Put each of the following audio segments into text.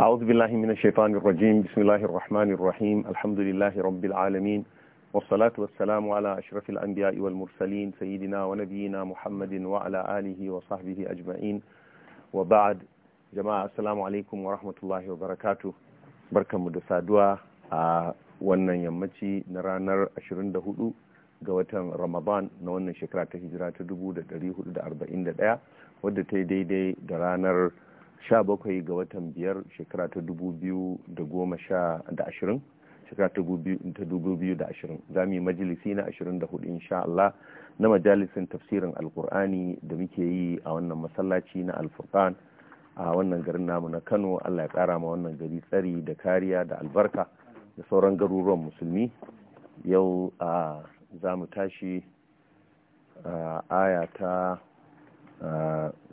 أعوذ بالله من الشيطان الرجيم بسم الله الرحمن الرحيم الحمد لله رب العالمين والصلاة والسلام على أشرف الأنبياء والمرسلين سيدنا ونبينا محمد وعلى آله وصحبه أجمعين وبعد جماعة السلام عليكم ورحمة الله وبركاته بركة مدسادوة wannan yammaci na ranar 24 ga watan ramadan na wannan shekara ta hijira ta 1441 wadda ta yi daidai da ranar 17 ga watan biyar shekara ta 2020 shekara ta 2020 za mu yi majalisi na 24 insha Allah na majalisin tafsirin alkur'ani da muke yi a wannan masallaci na alfurkan a wannan garin namu na Kano Allah ya kara ma wannan gari tsari da kariya da albarka da sauran garuruwan musulmi yau za mu tashi aya ta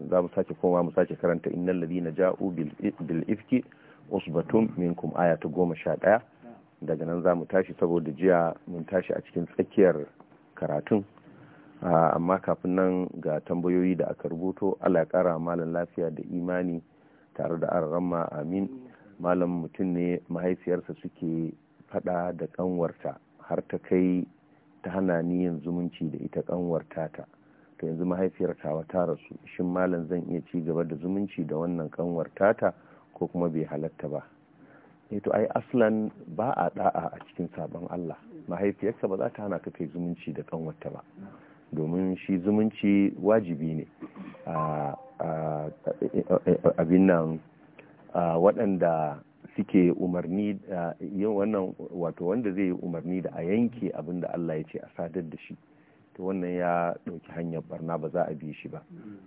za mu sake koma mu sake karanta innal ladina ja'u bil ifki usbatun minkum aya ta goma sha ɗaya daga nan za mu tashi saboda jiya mun tashi a cikin tsakiyar karatun amma kafin nan ga tambayoyi da aka rubuto ala kara malam lafiya da imani tare da ararama amin malam mutum ne mahaifiyarsa suke fada da kanwarta har ta kai ta hana ni yin zumunci da ita kanwarta ta to yanzu mahaifiyar tawa ta rasu shin malam zan iya ci gaba da zumunci da wannan kanwar tata ko kuma bai halatta ba eh to ai aslan ba a da'a a cikin sabon Allah mahaifiyarsa ba za ta hana ka kai zumunci da kanwarta ba domin shi zumunci wajibi ne a abin nan waɗanda suke umarni yin wannan wato wanda zai yi umarni da a yanke abin da Allah ya ce a sadar da shi to wannan ya ɗauki hanyar barna ba za a bi shi ba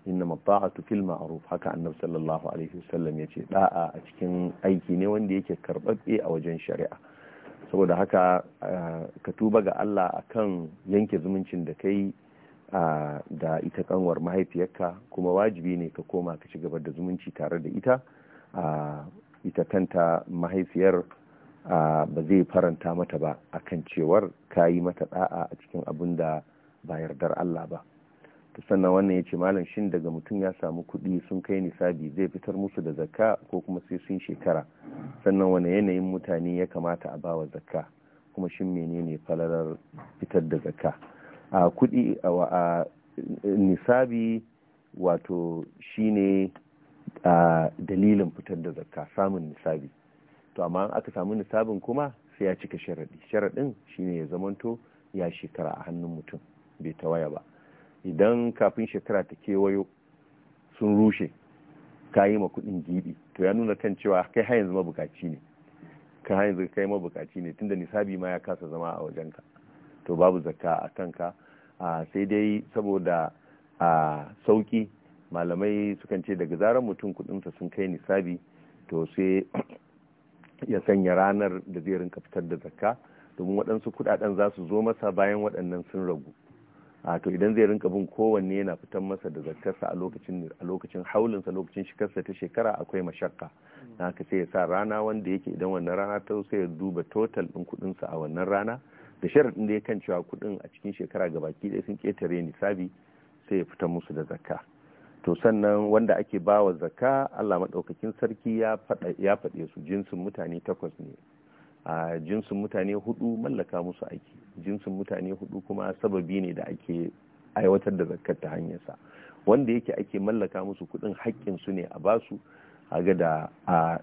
inna mata'atu fil ma'ruf haka annabi sallallahu alaihi wasallam yace da'a a cikin aiki ne wanda yake karbabbe a wajen shari'a saboda haka ka tuba ga Allah akan yanke zumuncin da kai da ita kanwar mahaifiyarka kuma wajibi ne ka koma ka ci gaba da zumunci tare da ita ita kanta mahaifiyar ba zai faranta mata ba akan cewar ka yi mata da'a a cikin abin da ba yardar Allah ba to sannan wannan ya ce malam shin daga mutum ya samu kuɗi sun kai nisabi zai fitar musu da zakka ko kuma sai sun shekara sannan wani yanayin mutane ya kamata a bawa zakka kuma shin menene falalar fitar da zakka a kuɗi a nisabi wato shine a dalilin fitar da zakka samun nisabi to amma aka samu nisabin kuma sai ya cika sharaɗi sharaɗin shine ya zamanto ya shekara a hannun mutum bai ta waya ba idan kafin shekara ta kewayo sun rushe ka yi ma kuɗin gibi to ya nuna kan cewa kai har yanzu mabukaci ne ka har yanzu kai mabukaci ne tunda nisabi ma ya kasa zama a ka to babu zakka a kan ka sai dai saboda a sauki malamai sukan ce daga zarar mutum kuɗinsa sun kai nisabi to sai ya sanya ranar da zai rinka fitar da zakka domin waɗansu kuɗaɗen za su zo masa bayan waɗannan sun ragu a to idan zai rinka bin kowanne yana fitan masa da zakkarsa a lokacin a lokacin haulinsa lokacin shikarsa ta shekara akwai mashakka na ka sai ya sa rana wanda yake idan wannan rana ta sai ya duba total din kudinsa a wannan rana da sharaɗin da ya kan cewa kudin a cikin shekara gabaki ɗaya sun ƙetare sabi sai ya fita musu da zakka to sannan wanda ake bawa zakka Allah madaukakin sarki ya faɗe su jinsin mutane takwas ne a jinsin mutane hudu mallaka musu aiki jinsin mutane hudu kuma sababi ne da ake aiwatar da zakkar ta hanyarsa wanda yake ake mallaka musu kudin haƙƙin su ne a basu a da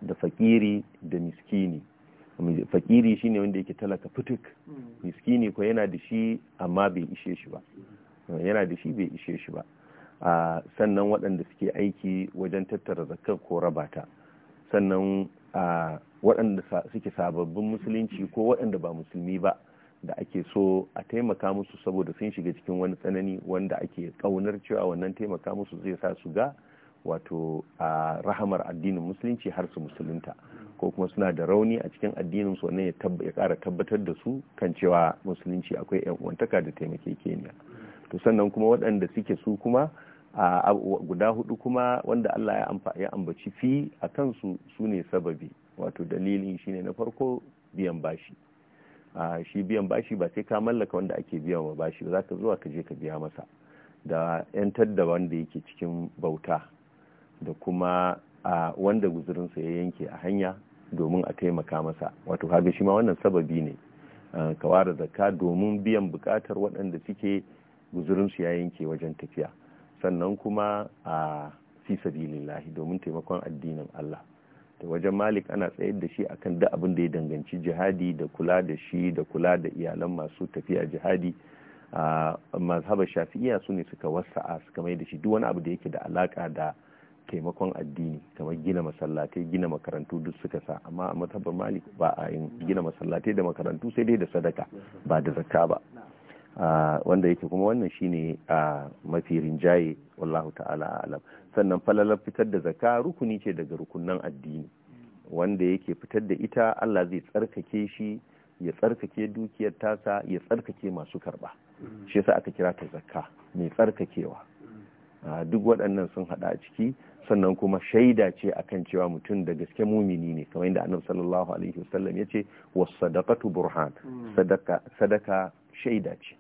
da fakiri da miskini fakiri shine wanda yake talaka fituk hmm. miskini ko yana da shi amma bai ishe shi ba yana da shi bai ishe shi ba sannan waɗanda suke aiki wajen tattara zakkar ko rabata sannan waɗanda suke sababbin musulunci ko waɗanda ba musulmi ba da ake so a taimaka musu saboda sun shiga cikin wani tsanani wanda ake ƙaunar cewa wannan taimaka musu zai sa su ga wato a rahamar addinin musulunci har su musulunta ko kuma suna da rauni a cikin addinin su wannan ya kara tabbatar da su kan cewa musulunci akwai yan uwantaka da taimake taimakekeniya to sannan kuma waɗanda suke su kuma a guda hudu kuma wanda Allah ya ambaci fi a kansu su ne sababi wato dalilin shine na farko biyan bashi a shi biyan bashi ba sai ka mallaka wanda ake biyan wa bashi ba za ka zuwa ka je ka biya masa da yantar da wanda yake cikin bauta da kuma a wanda guzurinsa ya yanke a hanya domin a taimaka masa wato haga shi ma wannan sababi ne ka ware zakka domin biyan bukatar waɗanda suke guzurinsu ya yanke wajen tafiya sannan kuma a fi sabilillahi domin taimakon addinin Allah da wajen malik ana tsayar da shi akan duk abin da ya danganci jihadi da kula da shi da kula da iyalan masu tafiya jihadi a mazhabar shafi'iya su ne suka a suka mai da shi duk wani abu da yake da alaka da taimakon addini kamar gina masallatai gina makarantu duk suka sa amma a mazhabar malik ba a yin gina masallatai da makarantu sai dai da sadaka ba da zakka ba wanda yake kuma wannan shine a mafi rinjaye wallahu ta'ala alam sannan falalar fitar da zaka rukuni ce daga rukunan addini wanda yake fitar da ita Allah zai tsarkake shi ya tsarkake dukiyar tasa ya tsarkake masu karba shi yasa aka kira ta zakka mai tsarkakewa duk waɗannan sun hada a ciki sannan kuma shaida ce akan cewa mutum da gaske mumini ne kamar yadda annabi sallallahu alaihi wasallam ya ce was sadaqatu burhan mm. sadaka shaida ce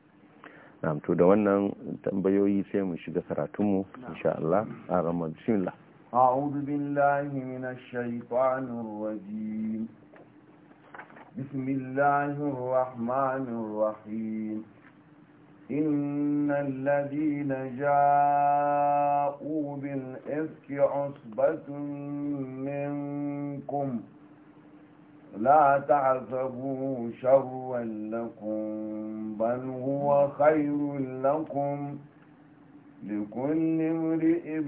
na to da wannan tambayoyi sai mu shiga karatunmu insha Allah a ramar bismillah أعوذ بالله من الشيطان الرجيم بسم الله الرحمن الرحيم إن الذين جاءوا بالإفك عصبة منكم لا تعذبوا شرا لكم بل هو خير لكم لكل امرئ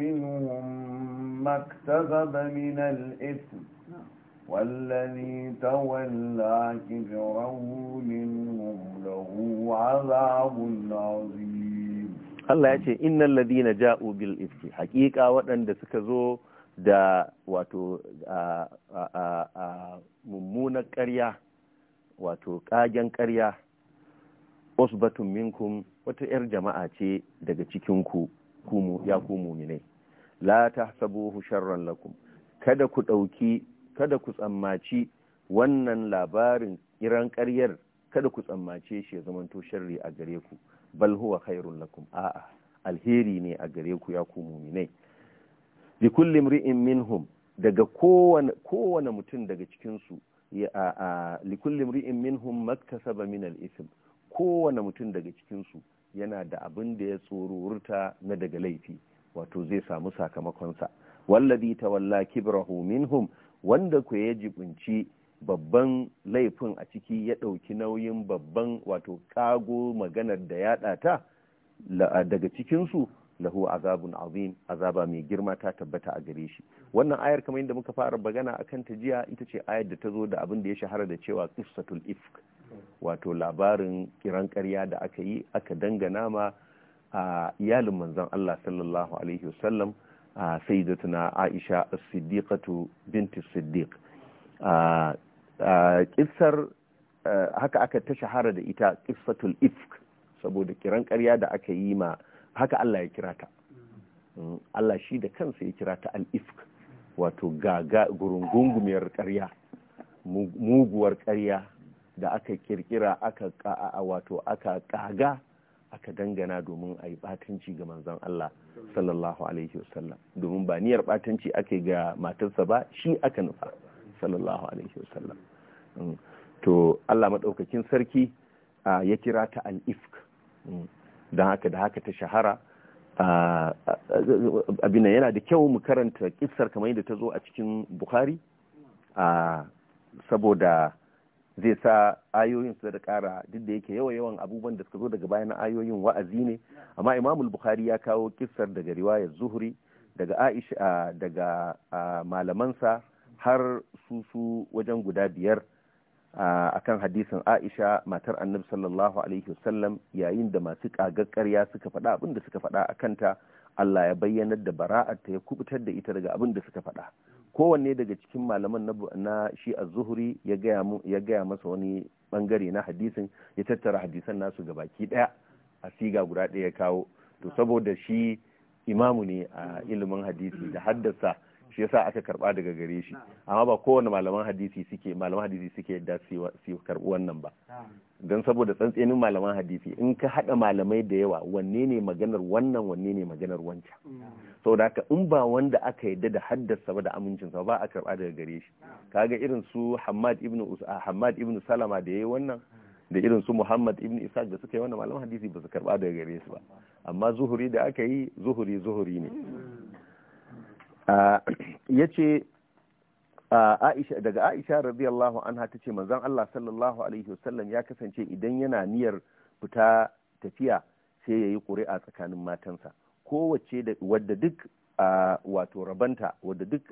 منهم ما اكتسب من الإثم والذي تولى كبره منهم له عذاب عظيم الله يقول إن الذين جاءوا بالإثم حقيقة وأن سكزوا da wato mummunan karya wato ƙagen karya osbatun minkum wata 'yar jama'a ce daga cikinku ya kumu muminai la ta sabuhu sharran lakum kada ku ɗauki kada ku tsammaci wannan labarin iran ƙaryar kada ku tsammace shi ya zamanto sharri a gare ku bal huwa khairun lakum a'a alheri ne a gare ku ya ku muminai bi kulli imri'in minhum daga kowane kowane mutum daga cikin li kulli minhum maktasaba min al-ithm kowane mutum daga cikin yana da abin da ya tsororuta na daga laifi wato zai samu sakamakonsa wallazi tawalla kibrahu minhum wanda ku ya jibinci babban laifin a ciki ya ɗauki nauyin babban wato kago maganar da ya ɗata daga cikinsu lahu azabun azim azaba mai girma ta tabbata a gare shi wannan ayar kamar yadda muka fara bagana akan ta jiya ita ce ayar da ta zo da abin da ya shahara da cewa qissatul ifk wato labarin kiran ƙarya da aka yi aka dangana ma a iyalin manzon Allah sallallahu alaihi wasallam a sayyidatuna Aisha as-siddiqatu binti siddiq a kissar haka aka ta shahara da ita qissatul ifk saboda kiran karya da aka yi ma haka Allah ya kira ta mm, Allah shi da kansa ya kira ta al-ifk wato gaga gurungungumiyar ƙarya muguwar ƙarya da aka kirkira aka wato aka kaga aka dangana domin a yi batanci ga manzan Allah sallallahu alaihi wasallam domin ba niyar batanci ake ga matarsa ba shi aka nufa sallallahu alaihi wasallam mm, to Allah maɗaukakin sarki ya kira ta al-ifk mm, don haka da haka ta shahara abin yana da kyau mu karanta kisar kamar yadda ta zo a cikin bukhari saboda zai sa ayoyin su da kara duk da yake yawa yawan abubuwan da suka zo daga bayan ayoyin wa'azi ne amma imamul bukhari ya kawo kisar daga riwayar zuhri daga aisha daga malamansa har su su wajen guda biyar akan hadisin Aisha matar Annabi sallallahu alaihi wasallam yayin da masu kagar ƙarya suka faɗa abin da suka faɗa akan ta Allah ya bayyanar da bara'ar ta ya kubutar da ita daga abin da suka faɗa kowanne daga cikin malaman na shi az-zuhri ya gaya ya gaya masa wani bangare na hadisin ya tattara hadisan nasu gabaki daya a siga guda ɗaya ya kawo to saboda shi imamu ne a ilimin hadisi da haddasa shi yasa aka karba daga gare shi amma ba kowane malaman hadisi suke malaman hadisi suke yadda su karbi wannan ba don saboda tsantsenin malaman hadisi in ka hada malamai da yawa wanne ne maganar wannan wanne ne maganar wancan saboda haka in ba wanda aka yadda da haddasa ba da amincin sa ba a karba daga gare shi kaga irin su Hamad ibn Hammad ibn Salama da yayi wannan da irin su Muhammad ibn Isa da suka yi wannan malaman hadisi ba su karba daga gare su ba amma zuhuri da aka yi zuhuri zuhuri ne yace Aisha daga Aisha radiyallahu anha tace manzon Allah sallallahu alaihi wasallam ya kasance idan yana niyyar fita tafiya sai yi ƙuri'a tsakanin matansa kowace wadda duk wato rabanta wadda duk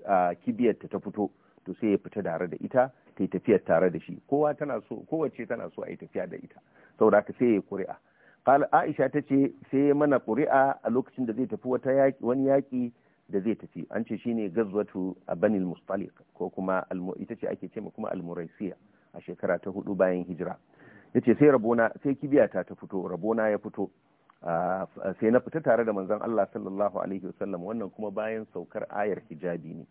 kibiyarta ta fito to sai ya fita tare da ita ta yi tafiyar tare da shi kowace tana so a yi tafiya da ita saboda ka sai ya ƙuri'a Aisha ta ce sai mana ƙuri'a a lokacin da zai tafi wani yaƙi da zai tafi an ce shine gazwatu banil mustalik ko kuma ita ce ake ce kuma almuraisiya a shekara ta hudu bayan hijira yace sai rabona sai kibiyata ta fito rabona ya fito sai na fita tare da manzon Allah sallallahu alaihi wasallam wannan kuma bayan saukar ayar hijabi ne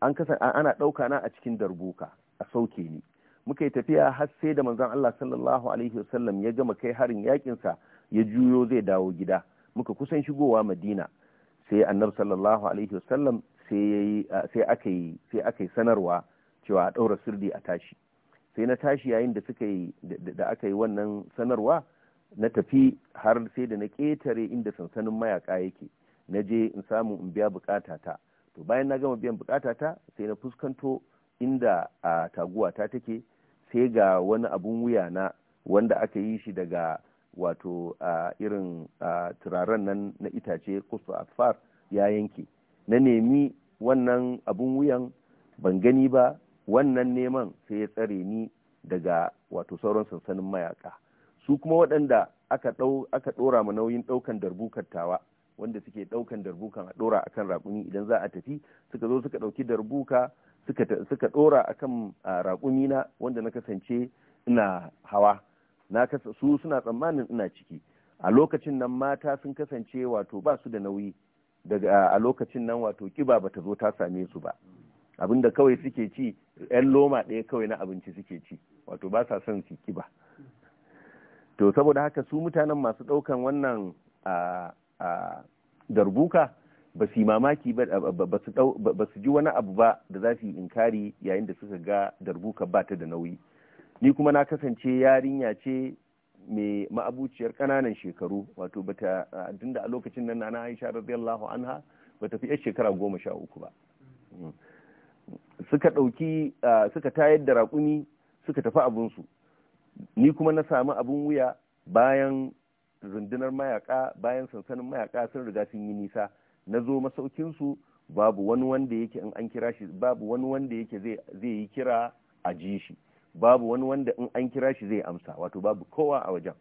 an kasa ana dauka na a cikin darbuka a sauke ni muka yi tafiya har sai da manzon Allah sallallahu alaihi wasallam ya gama kai harin yakin sa ya juyo zai dawo gida muka kusan shigowa Madina sai annabi sallallahu alaihi wasallam sai aka yi sai aka yi sanarwa cewa a ɗaura sirdi a tashi sai na tashi yayin da suka yi da aka yi wannan sanarwa na tafi har sai da na ƙetare inda sansanin mayaka yake na je in samu in biya ta to bayan na gama biyan bukatata sai na fuskanto inda a taguwata take sai ga wani abun wuya na wanda aka yi shi daga wato a irin turaren nan na itace kusa afar ya yanke na nemi wannan abun wuyan ban gani ba wannan neman sai ya tsare ni daga wato sauran sansanin mayaka su kuma waɗanda aka ɗau aka ɗora ma nauyin ɗaukan darbukan tawa wanda suke ɗaukan darbukan a ɗora akan raƙumi idan za a tafi suka zo suka ɗauki darbuka suka suka ɗora akan raƙumi na wanda na kasance ina hawa na kasa su suna tsammanin ina ciki a lokacin nan mata sun kasance wato ba su da nauyi daga a lokacin nan wato kiba bata zo ta same su ba abinda kawai suke ci yan loma ɗaya kawai na abinci suke ci wato ba sa son su kiba to saboda haka su mutanen masu ɗaukan wannan a darbuka ba su mamaki ba su ji wani abu ba da za su yi inkari yayin da suka ga darbuka ba ta da nauyi ni kuma na kasance yarinya ce mai ma'abuciyar ƙananan shekaru wato bata tun da a lokacin nan na Aisha radiyallahu anha bata fi yar shekara goma sha uku ba mm. suka ɗauki suka tayar da raƙumi suka tafi abinsu ni kuma na sami abin wuya bayan rundunar mayaka bayan sansanin mayaka sun riga sun yi nisa na zo masaukinsu babu wani wanda yake in an kira shi babu wani wanda yake zai yi kira a ji shi babu wani wanda in an kira shi zai amsa wato babu kowa a wajen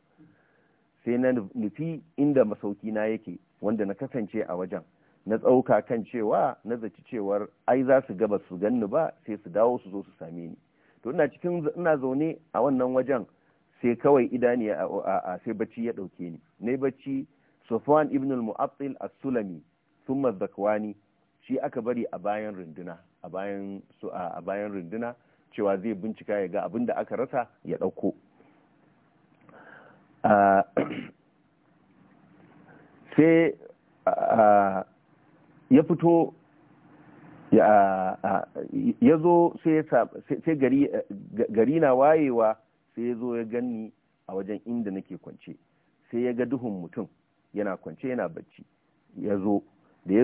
sai na nufi inda masauki na yake wanda na kasance a wajen na tsauka kan cewa na zaci cewar ai za su gaba su ganni ba sai su dawo su zo su same ni to ina cikin ina zaune a wannan wajen sai kawai idaniya a sai bacci ya dauke ni ne bacci Sufwan ibn al-Mu'attil as-Sulami thumma Zakwani shi aka bari a bayan runduna a bayan a bayan runduna cewa zai bincika ya ga abin da aka rasa ya ɗauko ah, sai ah, ya fito ya ah, zo sai gari na wayewa sai ya zo ya ganni a wajen inda nake kwance sai ya ga duhun mutum yana kwance yana bacci ya zo da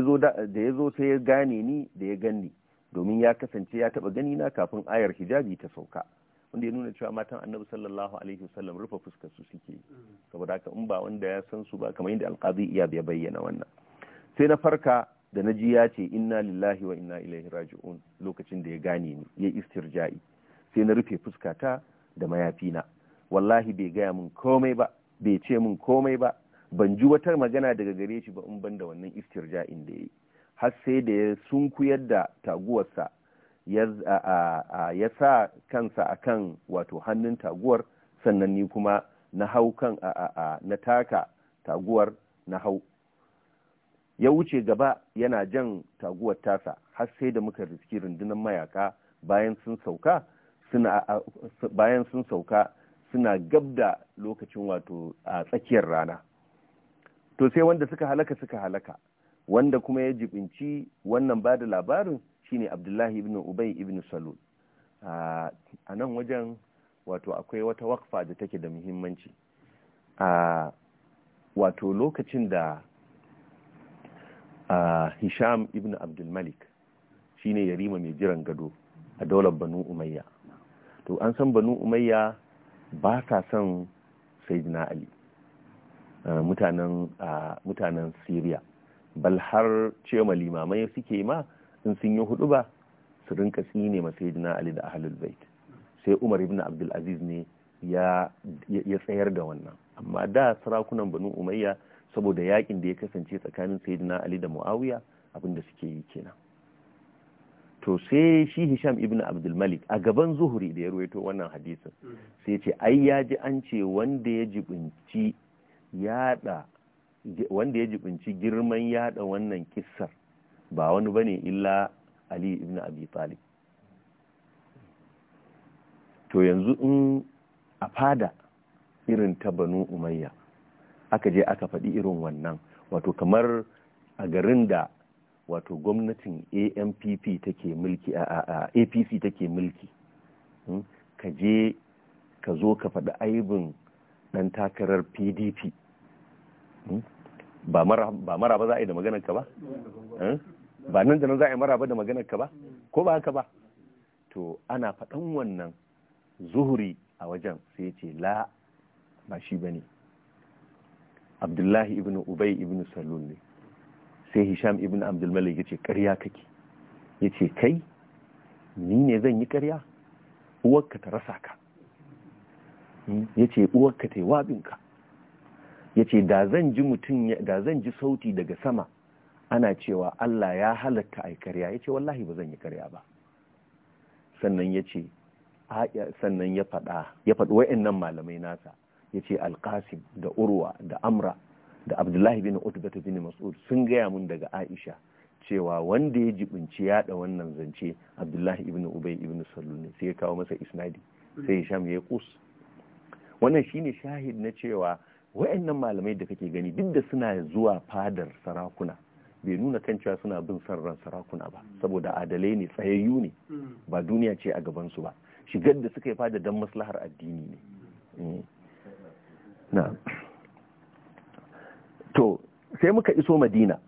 ya zo sai ya gane ni da ya ganni domin ya kasance ya taba gani na kafin ayar hijabi ta sauka wanda ya nuna cewa matan annabi sallallahu alaihi wasallam rufe fuskar su suke saboda haka in ba wanda ya san su ba kamar yadda alqazi iya bai bayyana wannan sai na farka da naji ya ce inna lillahi wa inna ilaihi raji'un lokacin da ya gane ni ya istirja'i sai na rufe fuskata da mayafina wallahi bai gaya min komai ba bai ce min komai ba ban ji wata magana daga gare shi ba in ban da wannan istirja'in da ya yi har sai da ya sunkuyar da taguwarsa ya sa kansa kan wato hannun taguwar sannan ni kuma na hau kan na taka taguwar na hau ya wuce gaba yana jan taguwar tasa har sai da muka riski rundunar mayaka bayan sun sauka suna bayan sun sauka suna gab da lokacin wato a tsakiyar rana to sai wanda suka halaka suka halaka wanda kuma ya jibinci wannan ba da labarin shine abdullahi ibn ubay ibn salul a nan wajen wato akwai wata wakfa da take da muhimmanci a wato lokacin da a hisham ibn abdulmalik shine yarima mai jiran gado a daular banu umayya to an san banu umayya ba sa son sayyidina ali mutanen syria bal har cewa limamai suke ma in sun yi hudu ba su rinka tsine saidina ali da ahlul bait sai umar ibn abdul aziz ne ya tsayar da wannan amma da sarakunan banu umayya saboda yakin da ya kasance tsakanin saidina ali da muawiya abinda suke yi kenan to sai shi hisham ibn abdul malik a gaban zuhuri da ya ruwaito wannan hadisin mm. sai ce ai ya ji an ce wanda ya jibinci yada wanda ya jibinci girman yada wannan kissar ba wani bane illa ali ibn abi talib to yanzu in a fada irin ta banu umayya aka je aka faɗi irin wannan wato kamar a garin da wato gwamnatin ampp take mulki a apc take mulki hmm, ka je ka zo ka faɗi aibin ɗan takarar pdp Hmm? ba mara ba za a yi da maganar ka ba hmm? ba nan da nan za a yi mara ba da maganar ka ba ko ba haka ba to ana faɗan wannan zuhuri a wajen sai ce la ba shi ba ne abdullahi ibn ubai ibn salun ne sai hisham ibn abdulmalik ya ce ƙarya kake ya ce kai ni ne zan yi karya? uwarka ta rasa ka hmm? ya ce uwarka ta yi wabinka ya ce da zan ji mutum da zan ji sauti daga sama ana cewa Allah ya halatta ai karya ya ce wallahi ba zan yi karya ba sannan ya ce sannan ya faɗa ya faɗi wa'annan malamai nasa ya ce alƙasim da urwa da amra da abdullahi bin utbata bin mas'ud sun gaya mun daga aisha cewa wanda ya jibinci yaɗa wannan zance abdullahi ibn ubay ibn Saluni sai ya kawo masa isnadi sai ya sham ya kus wannan shine shahid na cewa wa'annan malamai da kake gani duk da suna zuwa fadar sarakuna bai nuna kan cewa suna bin son ran sarakuna ba saboda adalai ne tsayayyu ne ba duniya ce a gabansu ba shigar da suka yi fada don maslahar addini ne mm. na to sai muka iso madina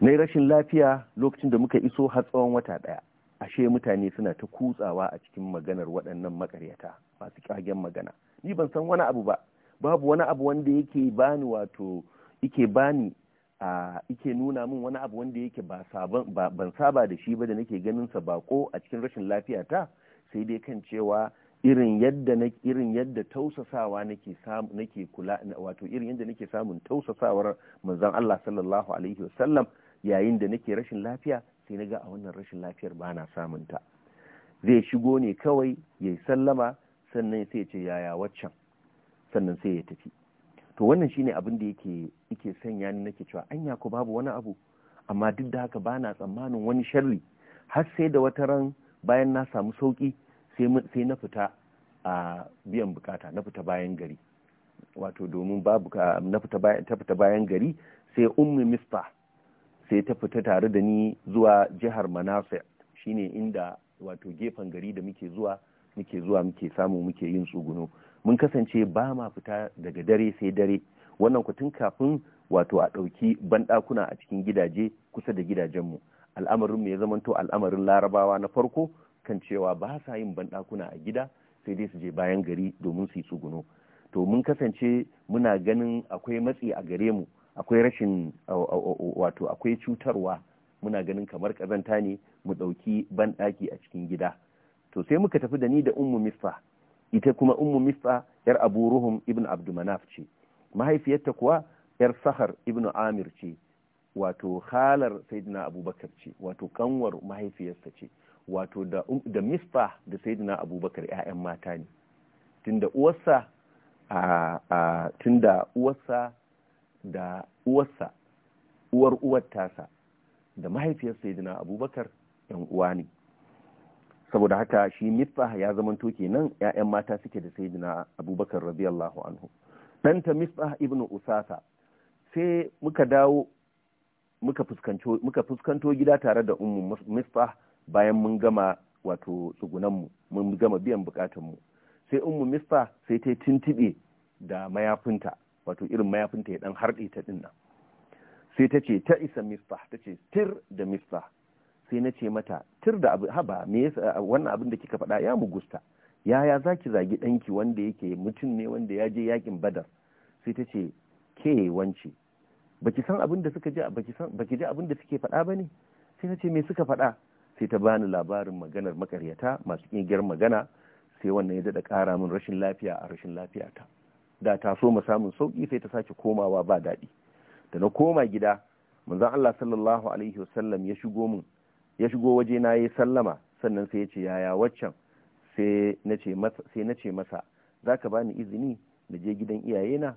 na rashin lafiya lokacin da muka iso har tsawon wata daya ashe mutane suna ta kutsawa a cikin maganar waɗannan makaryata masu kyagen magana ni ban san wani abu ba babu wani abu wanda yake bani wato yake bani a yake nuna min wani abu wanda yake ba ban saba da shi ba da nake ganin sa ba ko a cikin rashin lafiya ta sai dai kan cewa irin yadda na irin yadda tausasawa nake samu nake kula wato irin yadda nake samun tausasawar manzon Allah sallallahu alaihi wasallam yayin da nake rashin lafiya sai na ga a wannan rashin lafiyar ba na samun ta zai shigo ne kawai yayi sallama sannan sai ya ce yaya waccan sannan sai ya tafi to wannan shine abin da yake yake sanya ni nake cewa anya ko babu wani abu amma duk da haka bana tsammanin wani sharri har sai da wata ran bayan na samu sauki sai na fita a biyan bukata na fita bayan gari wato domin babu na fita bayan ta fita bayan gari sai ummi mista sai ta fita tare da ni zuwa jihar manasir shine inda wato gefen gari da muke zuwa muke zuwa muke samu muke yin tsuguno mun kasance ba ma fita daga dare sai dare wannan ku tun kafin wato a ɗauki banɗakuna a cikin gidaje kusa da gidajenmu al'amarin mu ya zamanto al'amarin larabawa na farko kan cewa ba sa yin banɗakuna a gida sai dai su je bayan gari domin su yi tsuguno to mun kasance muna ganin akwai matsi a gare mu akwai rashin wato akwai cutarwa muna ganin kamar ƙazanta ne mu ɗauki banɗaki a cikin gida to sai muka tafi da ni da ummu misfa ita kuma ummu miffa yar abu ruhum ibn abdumanaf ce mahaifiyarta kuwa yar sahar ibn amir ce wato halar sayyidina abubakar ce wato kanwar mahaifiyarsa ce wato da um, da da sayyidina abubakar ƴaƴan mata ne tunda uwarsa a a tunda uwarsa da uwarsa uwar uwar tasa da mahaifiyar sayyidina abubakar yan uwa ne saboda haka shi miftah ya zama zamanto kenan 'ya'yan mata suke da sayyidina abubakar radiyallahu anhu ɗanta miftah ibnu usasa sai muka dawo muka fuskanto gida tare da ummu miftah bayan mun gama wato tsugunan mu mun gama biyan bukatun mu sai ummu miftah sai ta tintibe da mayafinta wato irin mayafinta ya dan harɗe ta dinnan sai ta ce ta isa miftah ta ce tir da miftah sai na ce mata tir da abu haba me wannan abin da kika faɗa ya mugusta yaya zaki zagi ɗanki wanda yake mutum ne wanda ya je yakin badar sai ta ce ke wance baki san abin da suka ji baki san baki ji abin da suke faɗa bane sai na ce me suka faɗa sai ta bani labarin maganar makaryata masu kingiyar magana sai wannan ya daɗa kara min rashin lafiya a rashin lafiya ta da ta so mu samun sauki sai ta sake komawa ba daɗi da na koma gida manzon Allah sallallahu alaihi wasallam ya shigo min ya shigo waje na yi sallama sannan sai ya ce yaya waccan sai na ce masa za ka bani izini na je gidan iyayena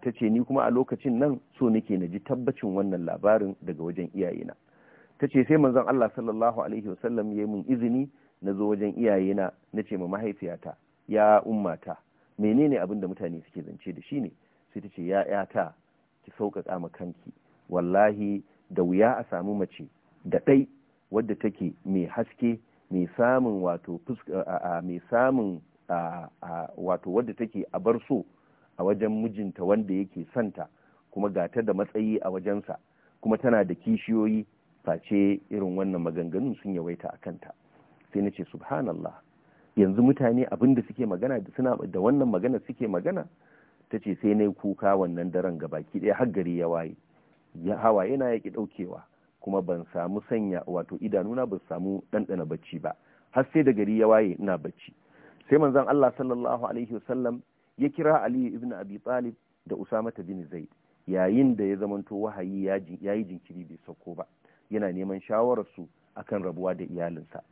ta ce ni kuma a lokacin nan so nake na ji tabbacin wannan labarin daga wajen iyayena ta ce sai manzon Allah sallallahu alaihi wasallam ya yi min izini na zo wajen iyayena na ce ma mahaifiyata ya ummata menene abin da mutane suke zance da shi ne sai ta ce ya yata ki sauƙaƙa ma kanki wallahi da wuya a samu mace da ɗai wadda take mai haske mai samun wato mai samun wato wadda take a bar so a wajen mijinta wanda yake santa kuma gata da matsayi a wajensa kuma tana da kishiyoyi face irin wannan maganganun sun yawaita a kanta sai na ce subhanallah yanzu mutane abin da suke magana da wannan magana suke magana ta ce sai na yi kuka wannan daren gabaki ɗaya har gari ya waye hawa yana yaƙi ɗaukewa kuma ban samu sanya wato idanuna ban samu ɗanɗana bacci ba har sai da gari ya waye ina bacci sai manzon Allah sallallahu alaihi wasallam ya kira Ali ibn Abi Talib da Usama bin Zaid yayin da ya zamanto wahayi ya yi jinkiri bai sauko ba yana neman shawararsu akan rabuwa da iyalinsa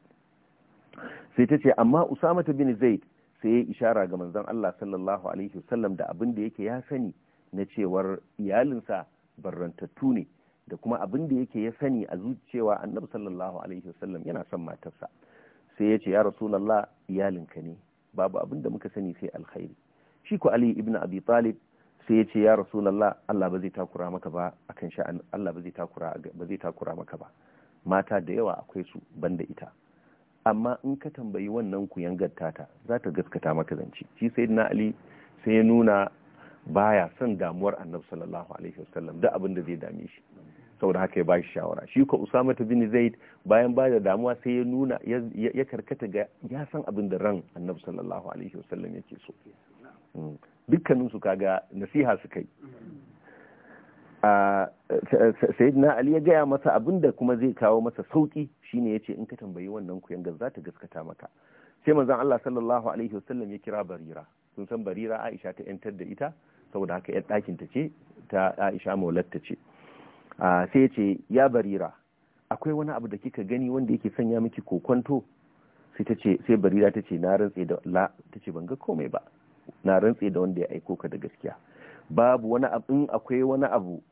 sai ta ce amma Usama bin Zaid sai ya ishara ga manzon Allah sallallahu alaihi wasallam da abin da yake ya sani na cewar iyalinsa barrantattu ne da kuma abin da yake ya sani a zuciyewa annabi sallallahu alaihi wasallam yana son matarsa sai ya ce ya rasulallah iyalinka ne babu abin da muka sani sai alkhairi shi ko ali ibn abi talib sai ya ce ya rasulallah Allah ba zai takura maka ba akan sha'an Allah ba zai takura ba zai takura maka ba mata da yawa akwai su banda ita amma in ka tambayi wannan ku yangarta ta za ta gaskata maka zance shi sayyidina ali sai ya nuna baya son damuwar annabi sallallahu alaihi wasallam duk abin da zai dame shi saboda haka ya ba shi shawara shi ko usama ta bin zaid bayan ba da damuwa sai ya nuna ya karkata ga ya san abin da ran annabi sallallahu alaihi wasallam yake so mm. dukkanin su kaga nasiha kai said sayyidina ali ya gaya masa abin da kuma zai kawo masa sauki shine yace in ka tambayi wannan ku za ta gaskata maka sai manzon Allah sallallahu alaihi wasallam ya kira barira sun san barira Aisha ta yantar da ita saboda haka yar ɗakin ta ce ta Aisha maulatta ce sai ce ya barira akwai wani abu da kika gani wanda yake sanya miki kokonto sai ta ce sai barira ta ce na rantse da la ta ce banga komai ba na rantse da wanda ya aiko ka da gaskiya babu wani abu in akwai wani abu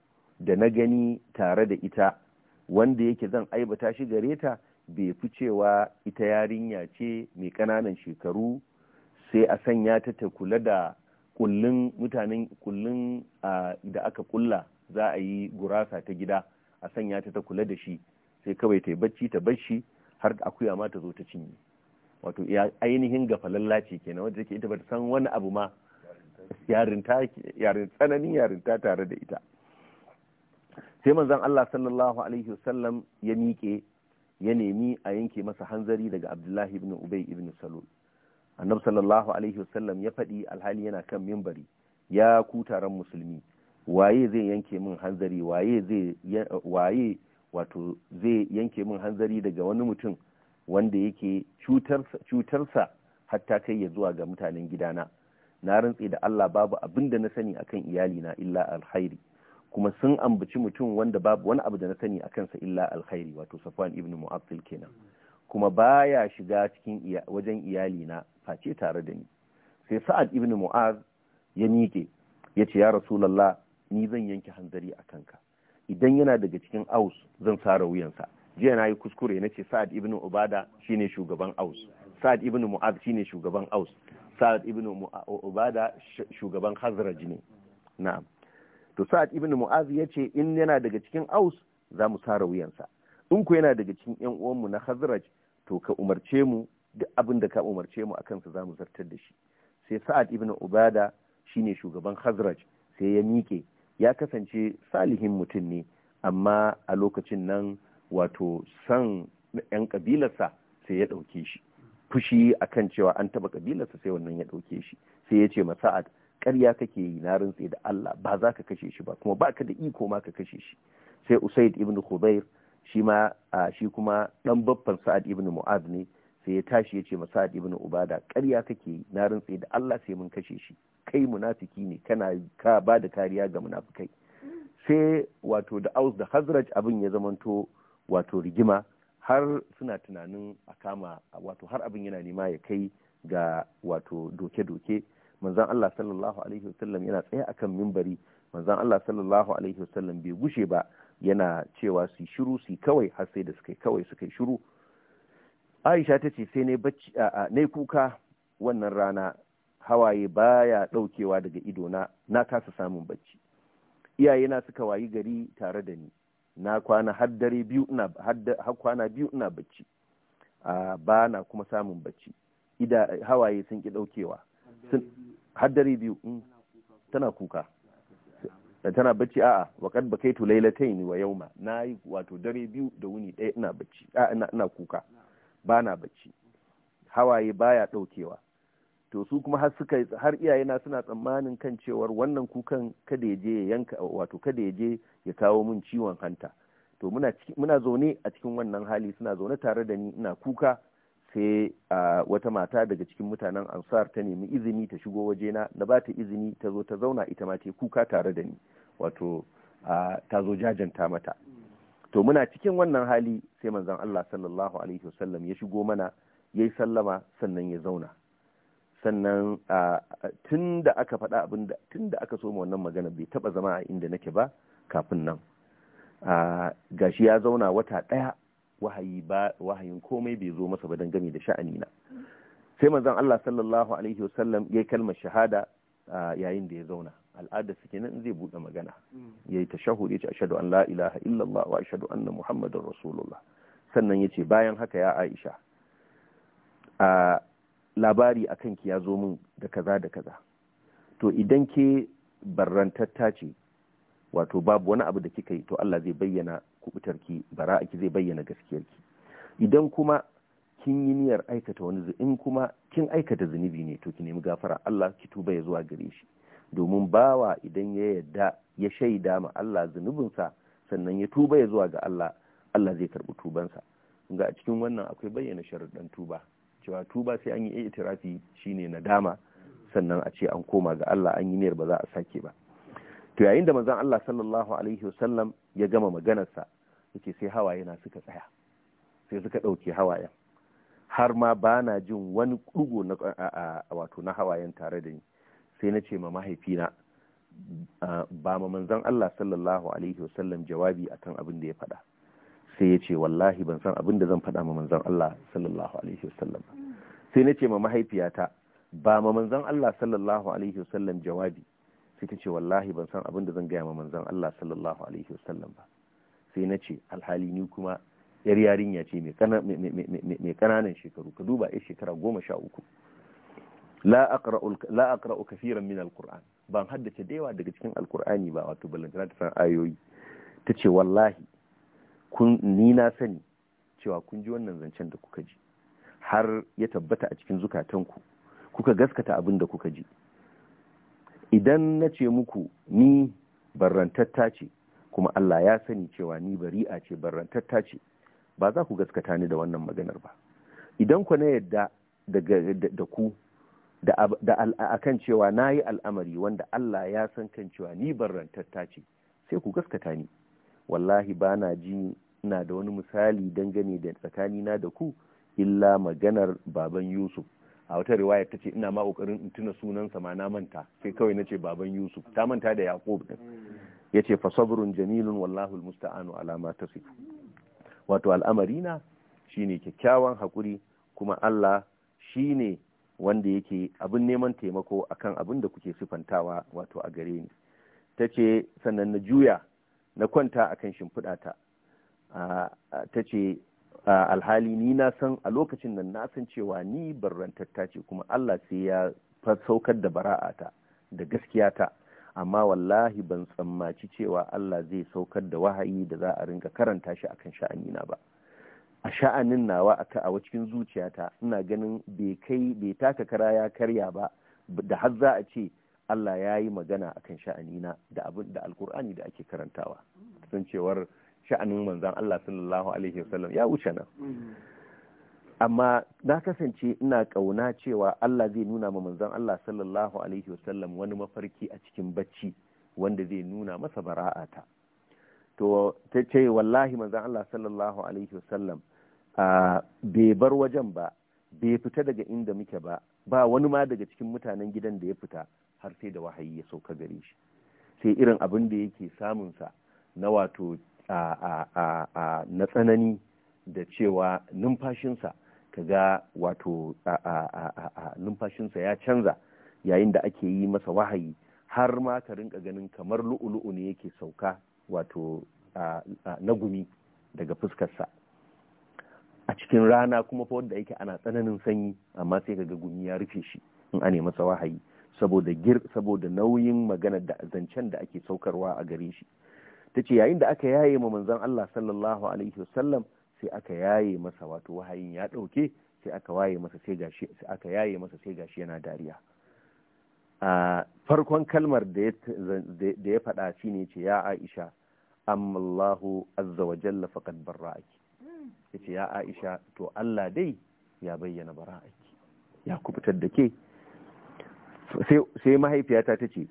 da na gani tare da ita wanda yake zan aibata shi gare ta bai fi cewa ita yarinya ce mai ƙananan shekaru sai a sanya ta ta kula da kullun mutanen kullun da aka kulla za a yi gurasa ta gida a sanya ta ta kula da shi sai kawai ta yi bacci ta bacci har akuya ma ta zo ta cinye wato ya ainihin falalla ce kenan wanda take ita ba ta san wani abu ma yarinta tsananin yarinta tare da ita sai manzon Allah sallallahu alaihi wasallam ya miƙe ya nemi a yanke masa hanzari daga Abdullahi ibn Ubay ibn Salul annabi sallallahu alaihi wasallam ya faɗi alhali yana kan mimbari ya kutaran musulmi waye zai yanke min hanzari waye zai waye wato zai yanke min hanzari daga wani mutum wanda yake cutarsa hatta kai ya zuwa ga mutanen gidana na rantse da Allah babu abin da na sani akan iyalina illa alkhairi kuma sun ambaci mutum wanda babu wani abu da na sani akansa sa illa alkhairi wato Safwan ibn Mu'attil kenan kuma baya shiga cikin wajen iyalina face tare da ni sai Sa'ad ibn Mu'az ya miƙe yace ya Rasulullah ni zan yanke hanzari a kanka idan yana daga cikin aus zan sara wuyansa jiya na yi kuskure na ce sa'ad ibn ubada shine shugaban aus sa'ad ibn shi shine shugaban aus sa'ad ibn ubada shugaban hazraj ne na'am to sa'ad ibn mu'az ya ce in yana daga cikin aus za mu sara wuyansa in ku yana daga cikin yan uwanmu na hazraj to ka umarce mu duk abin da ka umarce mu akan sa za mu zartar da shi sai sa'ad ibn ubada shine shugaban hazraj sai ya miƙe ya kasance salihin mutum ne amma a lokacin nan wato san 'yan kabilarsa sai ya ɗauke shi fushi akan cewa an taba kabilarsa sai wannan ya ɗauke shi sai ya ce masa'ad ƙarya kake yi na rantse da Allah ba za ka kashe shi ba kuma ba ka da iko ma ka kashe shi sai usaid ibn khubair shi ma shi kuma dan babban sa'ad ibn mu'az ne sai ya tashi ya ce masa ibn ubada ƙarya kake na rantse da Allah sai mun kashe shi kai munafiki ne kana ka ba da kariya ga munafikai sai wato da aus da hazraj abin ya zamanto wato rigima har suna tunanin a kama wato har abin yana nema ya kai ga wato doke-doke manzan Allah sallallahu alaihi wasallam yana tsaye akan mimbari manzan Allah sallallahu alaihi wasallam bai gushe ba yana cewa su shiru su kawai har sai da suka kawai suka shiru aisha ta ce sai na ne kuka wannan rana hawaye baya ɗaukewa daga idona na kasa samun bacci iyayena suka wayi gari tare da ni na kwana har dare biyu ina kwana biyu ina bacci ba na kuma samun bacci ida hawaye sun ki ɗaukewa har dare biyu mm. tana kuka tana bacci a'a waƙad ba kai tu lailatai ni wa yau ma na yi wato dare biyu da wuni ɗaya ina bacci ina kuka ba na bacci hawaye baya ɗaukewa to su kuma har suka har iyayena suna tsammanin kan cewar wannan kukan kada ya je ya yanka wato kada ya je ya kawo mun ciwon hanta to muna muna zaune a cikin wannan hali suna zaune tare da ni ina kuka sai wata mata daga cikin mutanen ansar ta nemi izini ta shigo waje na ba ta izini ta zo ta zauna ita ma ta kuka tare da ni wato ta zo jajanta mata to muna cikin wannan hali sai manzon Allah sallallahu alaihi wasallam ya shigo mana yayi sallama sannan ya zauna sannan tunda aka faɗa abin da tunda aka so wannan magana bai taba zama a inda nake ba kafin nan gashi ya zauna wata ɗaya wahayin komai bai zo masa ba dangane da sha'ani na sai manzon Allah sallallahu alaihi wasallam ya kalmar shahada yayin da ya zauna al'ada su kenan nan zai bude magana mm. yayi tashahhud yace ashadu an la ilaha illallah wa ashhadu anna muhammadar rasulullah sannan yace bayan haka ya Aisha a labari akan ki ya zo min da kaza da kaza to idan ke barrantatta ce wato babu wani abu da kika yi to Allah zai bayyana kubutarki ki zai bayyana gaskiyar ki. idan kuma kin yi niyyar aikata wani in kuma kin aikata zunubi ne to ki nemi gafara Allah ki tuba ya zuwa gare shi domin bawa idan ya yadda ya shaida ma Allah zunubinsa sannan ya tuba ya zuwa ga Allah Allah zai karbi tubansa ga a cikin wannan akwai bayyana sharuɗan tuba cewa tuba sai an yi itirafi shine nadama sannan a ce an koma ga Allah an yi niyyar ba za a sake ba to yayin da manzon Allah sallallahu alaihi wasallam ya gama maganarsa yake sai hawaye na suka tsaya sai suka ɗauke hawayen har ma bana jin wani ɗugo na wato na hawayen tare da ni sai na ce ma mahaifina ba ma manzan Allah sallallahu alaihi wasallam jawabi akan abin da ya faɗa sai ya ce wallahi ban san abin da zan faɗa ma manzan Allah sallallahu alaihi wasallam sai na ce ma mahaifiyata ba ma manzan Allah sallallahu alaihi wasallam jawabi sai ta ce wallahi ban san abin da zan gaya ma manzan Allah sallallahu alaihi wasallam ba sai na ce alhali ni kuma yar yarinya ce mai kananan shekaru ka duba ya shekara goma sha uku la aqra'u kaseeran min alquran ban haddace da yawa daga cikin alqur'ani ba wato ballantana ta san ayoyi tace wallahi kun ni na sani cewa kun ji wannan zancen da kuka ji har ya tabbata a cikin zukatanku kuka gaskata abin da kuka ji idan na ce muku ni barrantatta ce kuma Allah ya sani cewa ni bari'a ce barrantatta ce ba za ku gaskata ni da wannan maganar ba idan ku na yadda da ku da akan cewa na yi al'amari wanda Allah ya san kan cewa ni barrantatta ce sai ku gaskata ni wallahi ba na ji na da wani misali dangane da tsakani na da ku illa maganar baban yusuf a wata riwaya ta ce ina ma kokarin in tuna sunan ma na manta sai kawai na ce baban yusuf ta manta da yaqub din ya ce fa sabrun jamilun wallahu almusta'anu ala ma tasifu wato al'amarina shine kyakkyawan hakuri kuma Allah shine wanda yake abin neman taimako akan abin da kuke sifantawa wato a gare ni ta ce sannan na juya na kwanta akan shimfiɗata ta ce alhali ni na san a lokacin nan na san cewa ni barrantatta ce kuma Allah sai ya saukar da bara'ata da gaskiyata amma wallahi ban tsammaci cewa Allah zai saukar da wahayi da za a ringa karanta shi akan sha'anina ba a sha'anin nawa a cikin zuciyata ina ganin bai kai bai taka kara ya karya ba da har za a ce Allah ya yi magana akan sha'anina da abin da alkur'ani da ake karantawa Kusan cewar sha'anin manzan Allah sallallahu alaihi wasallam ya wuce nan amma na kasance ina kauna cewa Allah zai nuna ma manzan Allah sallallahu alaihi wasallam wani mafarki a cikin bacci wanda zai nuna masa bara'ata to ta ce wallahi manzan Allah sallallahu alaihi wasallam bai bar wajen ba bai fita daga inda muke ba ba wani ma daga cikin mutanen gidan da ya fita har sai da wahayi ya sauka gare shi sai irin abin da yake samunsa na wato a na tsanani da cewa numfashinsa ga wato a numfashinsa ya canza yayin da ake yi masa wahayi har ma ka rinka ganin kamar lu'ulu'u ne yake sauka wato na gumi daga fuskarsa a cikin rana kuma fa wanda yake ana tsananin sanyi amma sai kaga gumi ya rufe shi in ane masa wahayi saboda gir saboda nauyin maganar da zancen da ake saukarwa a gare shi tace yayin da aka yaye ma manzon Allah sallallahu alaihi wasallam sai aka yaye masa wato wahayin ya dauke sai aka waye masa sai gashi sai aka yaye masa sai gashi yana dariya a farkon kalmar da ya faɗa shine ce ya Aisha amma Allahu azza wa jalla faqad barra'aki ya ce ya aisha to Allah dai ya bayyana bara'aki ya kubutar da ke sai mahaifiyata ta ce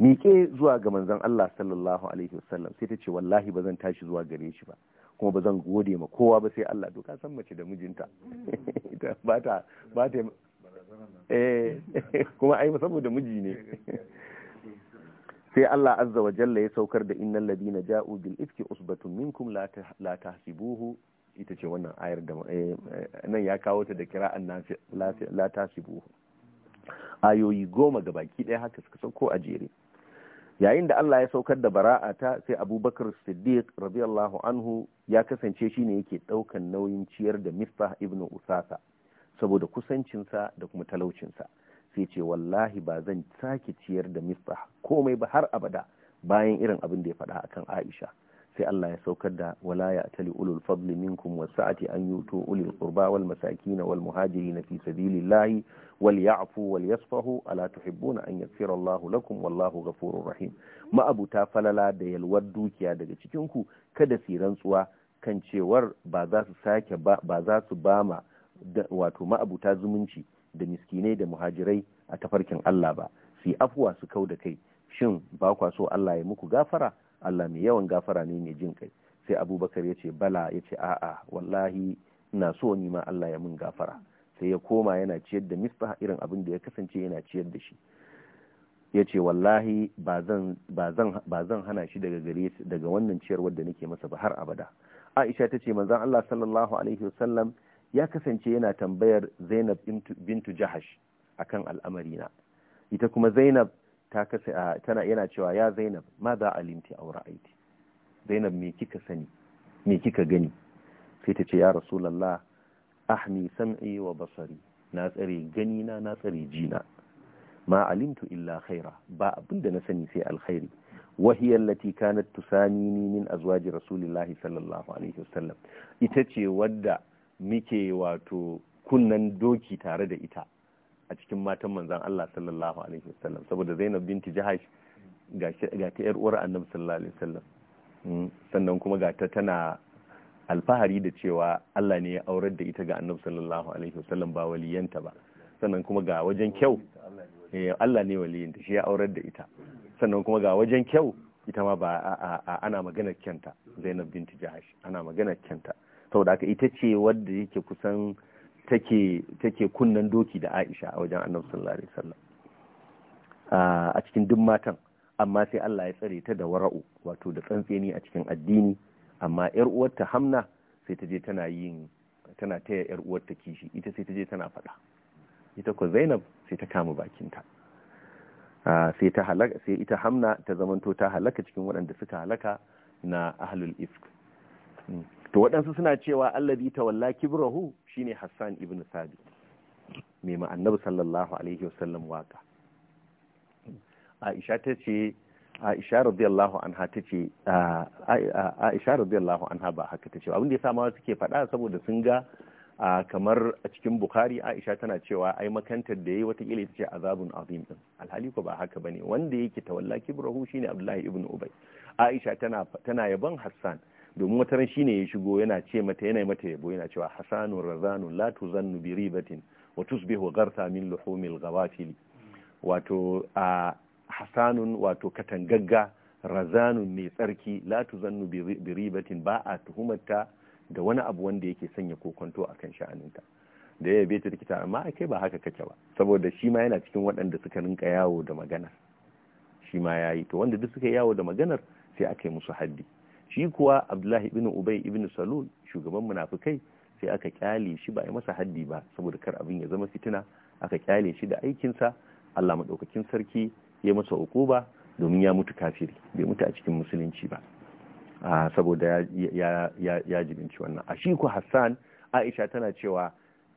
miƙe zuwa ga manzan Allah sallallahu alaihi wasallam sai ta ce wallahi ba zan tashi zuwa gare shi ba kuma ba zan gode ma kowa ba sai Allah doka san mace da mijinta ba ta ba ta yi eh, kuma ai saboda miji ne sai Allah azza wa jalla ya saukar da innal ladina ja'u bil ifki usbatun minkum la tahsibuhu ita ce wannan ayar da eh, eh, nan ya kawo ta da kira'an la tasibu ayoyi goma ga baki ɗaya haka suka sauko a jere yayin da Allah ya saukar da bara'a ta sai abubakar siddiq radiyallahu anhu ya kasance shi ne yake ɗaukan nauyin ciyar da mista ibn usasa saboda kusancinsa da kuma talaucinsa sai ce wallahi ba zan sake ciyar da mista komai ba har abada bayan irin abin da ya faɗa akan aisha sai Allah ya saukar da walaya ya tali ulul fadli minkum wasa'ati an yutu ulil qurba wal masakin wal muhajirin fi sabilillahi wal ya'fu wal yasfahu ala tuhibbuna an yaghfira Allahu lakum wallahu ghafurur rahim ma'abuta falala da yalwar dukiya daga cikin ku kada su rantsuwa kan cewar ba za su sake ba za su bama wato ma'abuta zumunci da miskinai da muhajirai a tafarkin Allah ba su afwa su kau da kai shin ba kwa so Allah ya muku gafara Allah mai yawan gafara ne mai jin kai sai abubakar ya ce bala ya ce a'a wallahi ina so ni ma Allah ya mun gafara sai ya koma yana ciyar da misbah irin abin da ya kasance yana ciyar da shi ya ce wallahi ba zan hana shi daga gare daga wannan ciyar da nake masa ba har abada aisha ta ce manzon Allah sallallahu alaihi wasallam ya kasance yana tambayar zainab bintu jahash akan al'amarina ita kuma zainab ta kasa tana yana cewa ya Zainab ma za a alimti aw ra'aiti Zainab me kika sani me kika gani sai ta ce ya Rasulullah ahmi sam'i wa basari na tsare gani na na tsare jina ma alimtu illa khaira ba abinda na sani sai alkhairi وهي التي كانت تسانيني من rasu رسول الله alaihi الله عليه ita ce wadda muke wato kunnan doki tare da ita a cikin matan manzan Allah sallallahu alaihi wasallam saboda Zainab binti Jahash ga ta yar uwar Annabi sallallahu alaihi wasallam hmm, sannan kuma ga ta tana alfahari da cewa Allah ne ya aurar da ita ga Annabi sallallahu alaihi wasallam ba waliyanta ba sannan kuma ga wajen kyau eh, Allah ne waliyanta shi ya aurar da ita sannan kuma ga wajen kyau ita ma ba ana maganar kyanta Zainab binti Jahash ana maganar kyanta saboda haka ita ce wadda yake kusan take take kunnan doki da Aisha a wajen Annabi sallallahu alaihi wasallam a cikin duk matan amma sai Allah ya tsare ta da wara'u wato da tsantseni a cikin addini amma yar uwarta Hamna sai ta je tana yin tana taya yar uwarta kishi ita sai ta je tana faɗa ita ko Zainab sai ta kama bakinta sai ta halaka sai ita Hamna ta zamanto ta halaka cikin waɗanda suka halaka na ahlul ifk hmm. to waɗansu suna cewa allazi tawalla kibrahu shine Hassan ibn Sabi mai ma annabi sallallahu alaihi wasallam waka Aisha ta ce Aisha radiyallahu anha ta ce Aisha radiyallahu anha ba haka ta ce abin da ya sa ma suke faɗa saboda sun ga kamar a cikin Bukhari Aisha tana cewa ai makantar da yayi wata ita ce azabun azim din alhali ko ba haka bane wanda yake tawalla kibrahu shine Abdullahi ibn Ubay Aisha tana tana yaban Hassan domin wata ran shine ya shigo yana ce mata yana mata yabo yana cewa hasanun razanu la tuzannu bi ribatin wa tusbihu gharta min luhumil ghawafil wato a hasanun wato katangagga razanun mai tsarki la tuzannu bi ribatin ba a tuhumarta da wani abu wanda yake sanya kokonto akan sha'aninta da ya yabe ta likita amma akai ba haka kake ba saboda shi ma yana cikin waɗanda suka rinka yawo da maganar shi ma ya to wanda duk suka yawo da maganar sai aka yi musu haddi shi kuwa abdullahi ibn ubay ibn salul shugaban munafikai sai aka kyale shi ba ya masa haddi ba saboda kar abin ya zama fitina aka kyale shi da aikinsa allah maɗaukakin sarki ya masa hukuba domin ya mutu kafiri bai mutu a cikin musulunci ba saboda ya jibinci wannan a shi ku hassan aisha tana cewa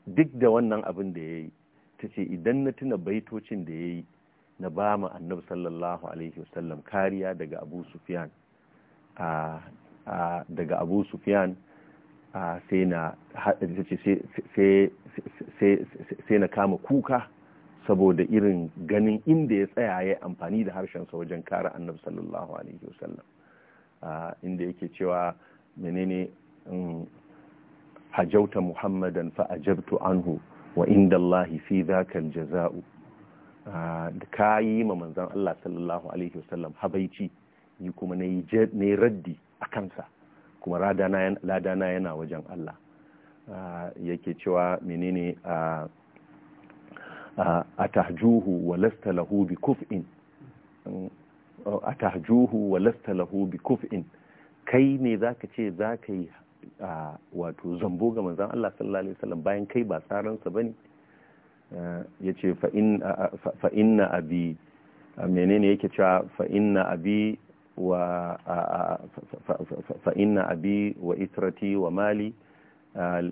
duk da wannan abin da ya yi ta ce idan na tuna baitocin da ya yi na ba mu annabi sallallahu alaihi wasallam kariya daga abu sufyan daga abu sufyan sai na kama kuka saboda irin ganin inda ya tsaya ya amfani da harshensa wajen kara annabi sallallahu alaihi wasallam inda yake cewa menene hajauta muhammadan fa ajabtu anhu wa inda allahi fi zakal aljaza'u da kayi ma manzon Allah sallallahu alaihi wasallam habaici ni kuma na yi raddi a kansa kuma ladana yana wajen Allah ah, yake cewa menene a ah, ah, tahjuhu wa lasta lahu bi kuf'in mm, a tahjuhu wa lasta lahu bi kuf'in kai ne zaka ce zaka yi wato zambo ga manzon Allah sallallahu alaihi wasallam bayan kai ba tsaransa bane yace fa in fa inna abi menene yake cewa fa inna abi wa fa inna abi wa itrati wa mali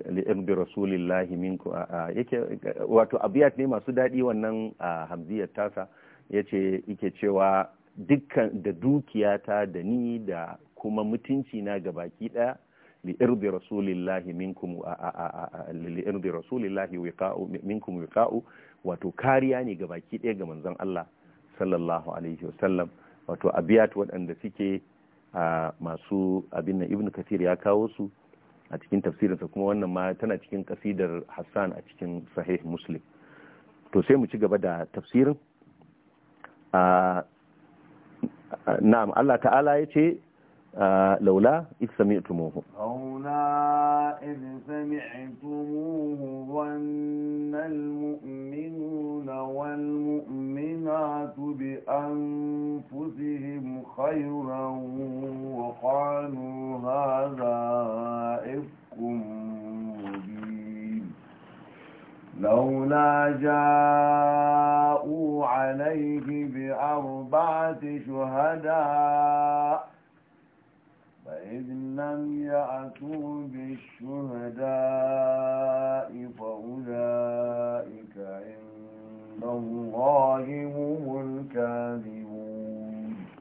li'irbi rasulillahi minku yake wato abiyat ne masu daɗi wannan hamziyar tasa yace ike cewa dukkan da dukiyata da ni da kuma mutunci na ga baki ɗaya li'irbi rasulillahi minkum li'irbi rasulillahi minkum wiqa'u wato kariya ne ga baki ɗaya ga manzon Allah sallallahu alaihi wasallam wato abiyat waɗanda suke a masu abin nan ibn kasir ya kawo su a cikin tafsirinsa kuma wannan ma tana cikin kasidar hassan a cikin sahih muslim to sai mu ci gaba da tafsirin na'am Allah ta'ala ya ce آه، لولا إذ سمعتموه لولا إذ سمعتموه ظن المؤمنون والمؤمنات بأنفسهم خيرا وقالوا هذا إفك مبين لولا جاءوا عليه بأربعة شهداء فإذ لم يأتوا بالشهداء فأولئك عند الله هم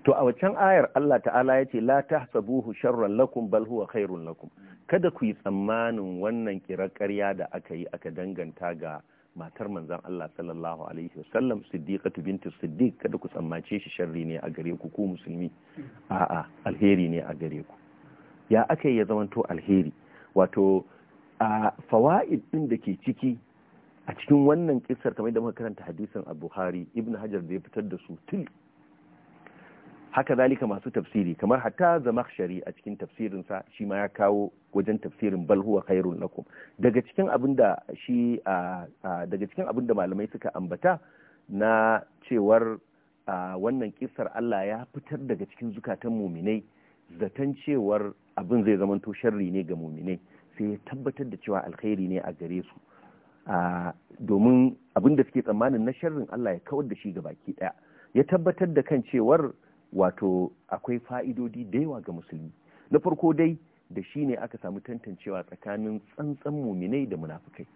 to a waccan ayar Allah ta'ala ya ce la tahsabuhu sharran lakum bal huwa khairun lakum kada ku yi tsammanin wannan kirar ƙarya da aka yi aka danganta ga matar manzan Allah sallallahu alaihi wasallam siddiqatu bintu siddiq kada ku tsammace shi sharri ne a gare ku ko musulmi a'a alheri ne a gare ku ya aka ya zamanto alheri wato a fawaid ɗin da ke ciki a cikin wannan kissar kamar da makaranta karanta hadisin a Buhari Ibn Hajar da ya fitar da su tun haka zalika masu tafsiri kamar hatta shari a cikin tafsirinsa shi ma ya kawo wajen tafsirin bal huwa khairun lakum daga cikin abin da shi daga cikin abin malamai suka ambata na cewar wannan kisar Allah ya fitar daga cikin zukatan muminai zaton cewar abin zai zamanto sharri ne ga muminai sai ya tabbatar da cewa alkhairi ne a gare su domin abin da suke tsammanin na sharrin Allah ya kawar da shi ga baki daya ya tabbatar da kan cewar wato akwai fa'idodi da yawa ga musulmi na farko dai da shi ne aka samu tantancewa tsakanin tsantsan muminai da munafukai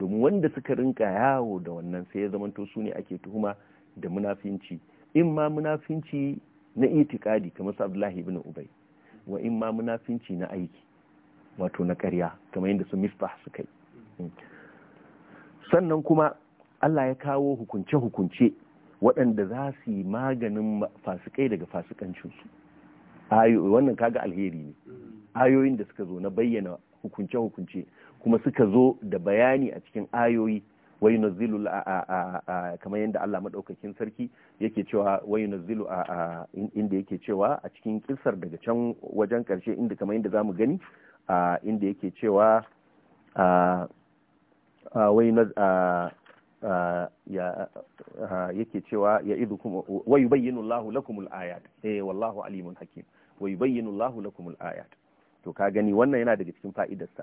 domin wanda suka rinka yawo da wannan sai ya zamanto su ne ake tuhuma da munafinci in ma munafinci na itikadi kamar su abdullahi ibn ubai wa in ma munafinci na aiki wato na karya kamar yadda su misbah su kai sannan kuma allah ya kawo hukunce-hukunce waɗanda za su yi maganin fasikai daga fasikancinsu wannan kaga alheri ne ayoyin da suka zo na bayyana hukunce-hukunce kuma suka zo da bayani a cikin ayoyi wai na a kamar yadda Allah maɗaukakin sarki yake cewa wai na a inda yake cewa a cikin kisar daga can wajen karshe. inda kamar yadda za mu gani inda yake cewa wai yake cewa ya idu kuma wai yubayyinu Allahu lakumul ayat eh wallahu alimun hakim wai yubayyinu Allahu lakumul ayat to ka gani wannan yana daga cikin fa'idarsa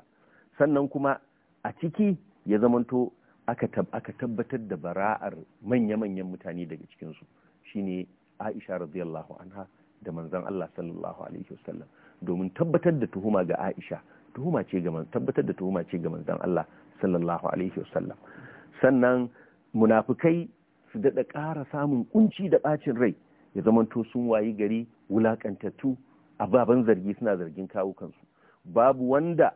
sannan kuma a ciki ya zamanto aka aka tabbatar da bara'ar manya-manyan mutane daga cikin su shine Aisha radiyallahu anha da manzon Allah sallallahu alaihi wasallam domin tabbatar da tuhuma ga Aisha tuhuma ce ga tabbatar da tuhuma ce ga manzon Allah sallallahu alaihi wasallam sannan munafukai su daɗa ƙara samun ƙunci da ɓacin rai ya zamanto sun wayi gari wulaƙantattu ababen zargi suna zargin kawukansu babu wanda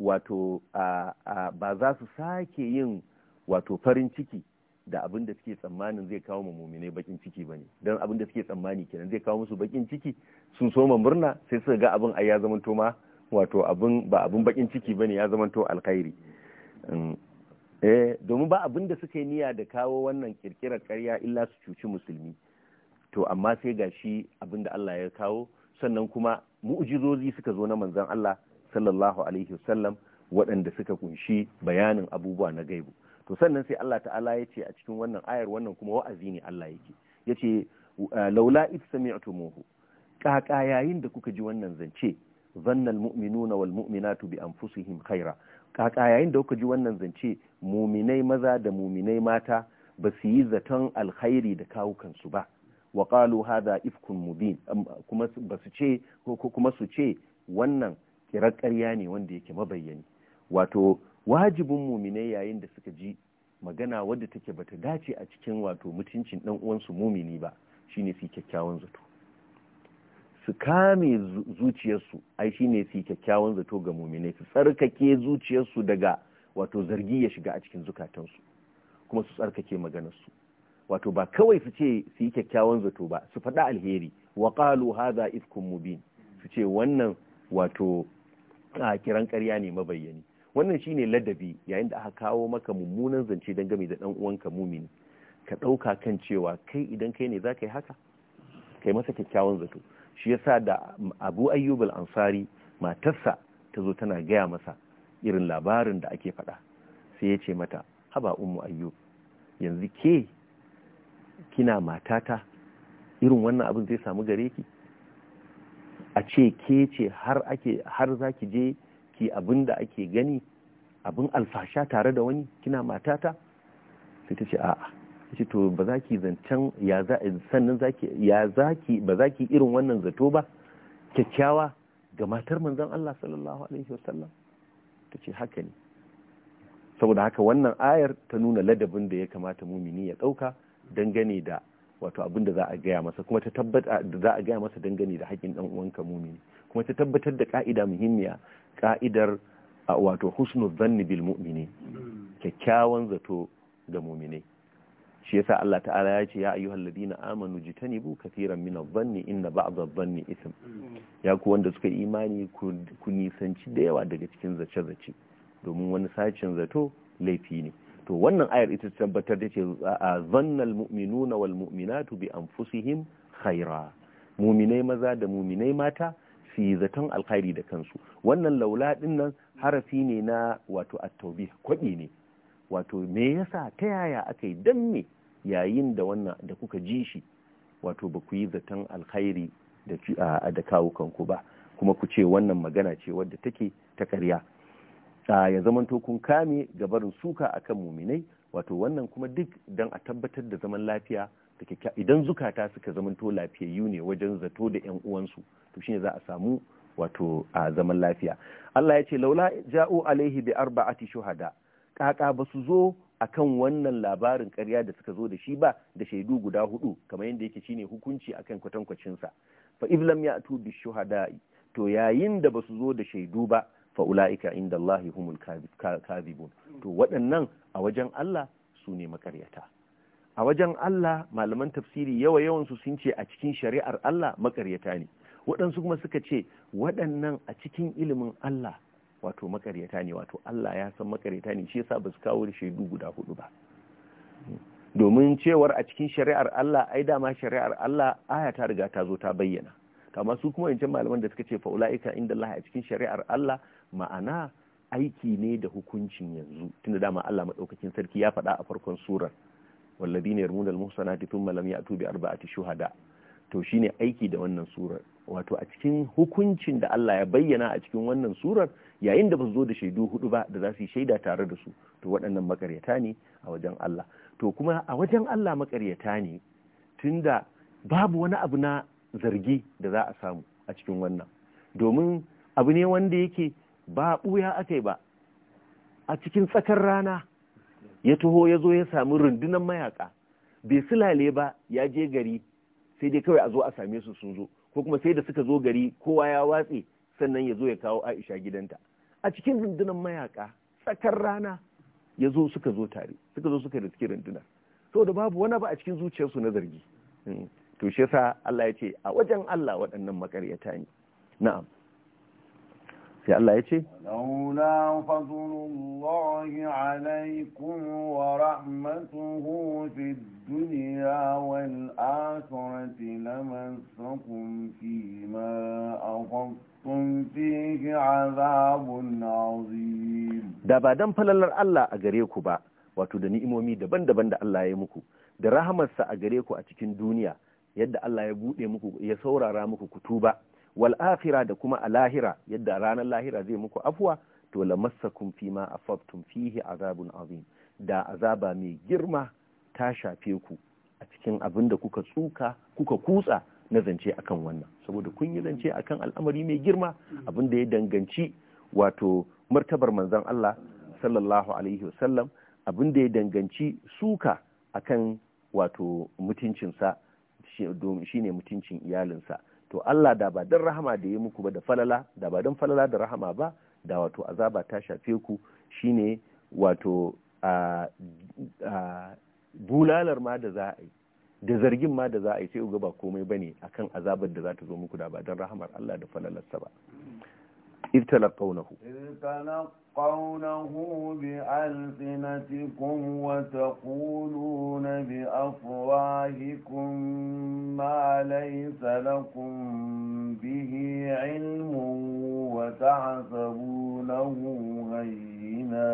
wato ba za su sake yin wato farin ciki da abin da suke tsammanin zai kawo ma mumine bakin ciki ba ne don abin da suke tsammani kenan zai kawo musu bakin ciki sun soma murna sai suka ga abin ai ya zamanto ma wato abin ba abin bakin ciki ba ne ya zamanto alkhairi uhm, eh domin ba abin da suka yi niyya da kawo wannan kirkirar karya illa su cuci musulmi to amma sai ga shi abin Allah ya kawo sannan kuma mu'jizozi suka zo na manzon Allah sallallahu alaihi wasallam waɗanda suka kunshi bayanin abubuwa na gaibu to sannan sai Allah ta'ala ya ce a cikin wannan ayar wannan kuma wa'azi ne Allah yake ya ce laula if sami'tumuhu kaka yayin da kuka ji wannan zance zannal muminuna wal mu'minatu bi anfusihim khaira kaka yayin da kuka ji wannan zance muminai maza da muminai mata ba su yi zaton alkhairi da kawukansu ba wa qalu hadha ifkun mubin kuma ba su ce ko kuma su ce wannan kirar ƙarya ne wanda yake mabayyani wato wajibin muminai yayin da suka ji magana wadda take bata dace a cikin wato mutuncin dan uwansu mumini ba shine su kyakkyawan zato su kame zuciyarsu ai shine su yi kyakkyawan zato ga muminai su tsarkake zuciyarsu daga wato zargi ya shiga a cikin zukatansu kuma su tsarkake maganarsu wato ba kawai su ce su yi kyakkyawan zato ba su faɗa alheri wa qalu hadha ifkun mubin su ce wannan wato a kiran ƙarya ne mabayyani wannan shine ladabi yayin da aka kawo maka mummunan zance gami da dan uwanka mumini ka ɗauka kan cewa kai idan kai ne za ka yi haka kai masa kyakkyawan zato shi yasa da abu ayyub al-ansari matarsa ta zo tana gaya masa irin labarin da ake faɗa sai ya ce mata haba ummu ayyub yanzu ke kina matata irin wannan abin zai samu gare ki a ce ke ce har ake har za ki je ki abin da ake gani abin alfasha tare da wani kina matata sai ta ce a'a shi to ba za ki zancen ya za sannan ya za ki ba za ki irin wannan zato ba kyakkyawa ga matar manzon Allah sallallahu alaihi wasallam ta ce haka ne saboda haka wannan ayar ta nuna ladabin da ya kamata mumini ya ɗauka dangane da wato abin da za a gaya masa kuma ta tabbata da za a gaya masa dangane da haƙin ɗan uwanka mumini kuma ta tabbatar da ka'ida muhimmiya ka'idar wato husnul zanni bil mu'mini kyakkyawan zato ga muminai shi yasa Allah ta'ala ya ce ya ayyuhal ladina amanu jitanibu kathiran min adh-dhanni inna ba'd adh-dhanni ithm ya ku wanda suka imani ku nisanci da yawa daga cikin zace zace domin wani sacin zato laifi ne to wannan ayar ita ta tabbatar da ce zannal mu'minuna wal mu'minatu bi anfusihim khaira muminai maza da muminai mata fi zaton alkhairi da kansu wannan laula din nan harafi ne na wato at-tawbih kwabi ne wato me yasa ta yaya aka yi dan yayin da wannan da kuka ji shi wato ba ku yi zaton alkhairi da kanku ba kuma ku ce wannan magana ce wadda take ta ƙarya ya zamanto kun kame ga barin suka akan muminai wato wannan kuma duk don a tabbatar da zaman lafiya da idan zukata suka zamanto lafiyayyu ne wajen zato da yan uwansu to shine za a samu wato a zaman lafiya Allah ya ce laula ja'u alaihi bi arba'ati shuhada kaka basu zo akan wannan labarin ƙarya da suka zo da shi ba da shaidu guda hudu kamar yadda yake shine hukunci akan kwatankwacin sa fa iblam ya'tu bi shuhada'i to yayin da basu zo da shaidu ba fa ulaika inda Allahi humul kadhibun to waɗannan a wajen Allah su ne makaryata a wajen Allah malaman tafsiri yawa yawan su sun ce a cikin shari'ar Allah makaryata ne waɗansu kuma suka ce waɗannan a cikin ilimin Allah wato makaryata ne wato Allah ya san makaryata ne shi yasa ba su kawo shaidu guda hudu ba domin cewar a cikin shari'ar Allah ai dama shari'ar Allah aya ta riga ta zo ta bayyana kama su kuma yancin malaman da suka ce faula'ika inda Allah a cikin shari'ar Allah ma'ana aiki ne da hukuncin yanzu tunda dama Allah madaukakin sarki ya faɗa a farkon surar walladina yarmuna al-muhsanati thumma a ya'tu bi arba'ati shuhada' to shine aiki da wannan surar wato a cikin hukuncin da Allah ya bayyana a cikin wannan surar yayin da ba su zo da shaidu hudu ba da za su yi shaida tare da su to waɗannan makaryata ne a wajen Allah to kuma a wajen Allah makaryata ne tunda babu wani abu na zargi da za a samu a cikin wannan domin abu ne wanda yake ba ɓuya aka yi ba a cikin tsakar rana ya taho ya zo ya sami rundunar mayaka bai silale ba ya je gari sai dai kawai a zo a same su sun zo ko kuma sai da suka zo gari kowa ya watse sannan ya zo ya kawo aisha gidanta a cikin rundunar mayaka tsakar rana ya zo suka zo tare suka zo suka riski runduna to da babu wani ba a cikin zuciyarsu na zargi hmm. to shi yasa Allah ya ce a wajen Allah waɗannan makaryata ne na'am sai Allah ya ce launa fadlullahi alaikum wa rahmatuhu fid duniya wal akhirati lamassakum fima aghaftum fihi azabun azim da ba dan falalar Allah a gare ku ba wato da ni'imomi daban-daban da Allah ya yi muku da rahamarsa a gare ku a cikin duniya yadda Allah ya buɗe muku ya saurara muku kutuba Wal'afira da kuma a lahira yadda ranar lahira zai muku afwa to lamassakum ma afaftum fihi azabun azim da azaba mai girma ta shafe ku a cikin abin da kuka tsuka kuka kutsa na zance akan wannan saboda kun yi zance akan al'amari mai girma abin ya danganci wato martabar manzon Allah sallallahu alaihi wasallam abin da ya danganci suka akan wato mutuncinsa shine mutuncin iyalinsa to Allah da ba don rahama da ya muku ba da falala da ba don falala da rahama ba da wato azaba ta shafe ku shine wato a bulalar ma da za a yi da zargin ma da za a yi sai uga ba komai bane akan azabar da za ta zo muku da ba don rahamar Allah da falalarsa ba ibtalaqawnahu تلقونه بألسنتكم وتقولون بأفواهكم ما ليس لكم به علم وتحسبونه هينا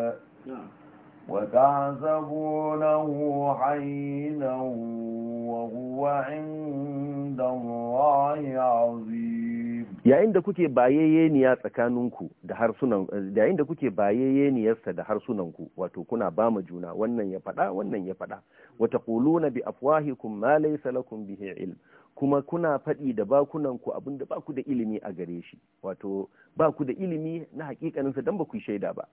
وتحسبونه حينا وهو عند الله عظيم yayin da kuke bayayeniya tsakaninku da harsunan yayin da kuke bayayeniyarsa da harsunanku wato kuna ba ma juna wannan ya faɗa wannan ya faɗa wa taquluna bi afwahikum ma laysa lakum bihi ilm kuma kuna faɗi da bakunanku abinda ba ku da ilimi a gare shi wato ba da ilimi na hakikanin sa dan ba ku shaida ba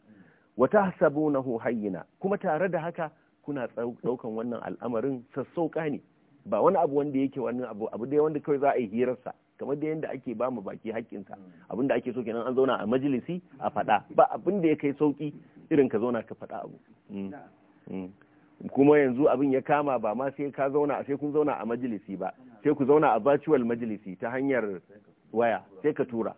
wa tahsabunahu hayyina kuma tare da haka kuna daukan wannan al'amarin sassauka ne ba wani abu wanda yake wani abu abu dai wanda kawai za a yi hirarsa kamar da yadda ake ba mu baki haƙƙinsa hmm. abin da ake so kenan an zauna a majalisi a faɗa ba abin da ya kai sauƙi irin ka zauna ka faɗa abu hmm. Hmm. kuma yanzu abin ya kama ba ma sai ka zauna sai kun zauna a majalisi ba sai ku zauna a virtual majalisi ta hanyar waya sai ka tura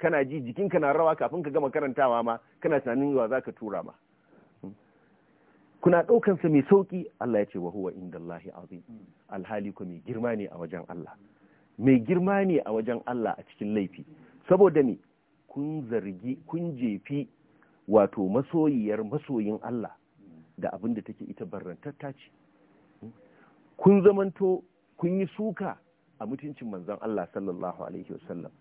kana ji jikin ka na rawa kafin ka gama karantawa ma kana tunanin yawa za ka tura ma kuna ɗaukansa mai sauƙi Allah ya ce wa huwa inda azim alhali ku mai girma ne a wajen Allah mai girma ne a wajen Allah a cikin laifi saboda ne kun zargi kun jefi wato masoyiyar masoyin Allah da abin da take ita barrantatta ce kun zamanto kun yi suka a mutuncin manzon Allah sallallahu alaihi wasallam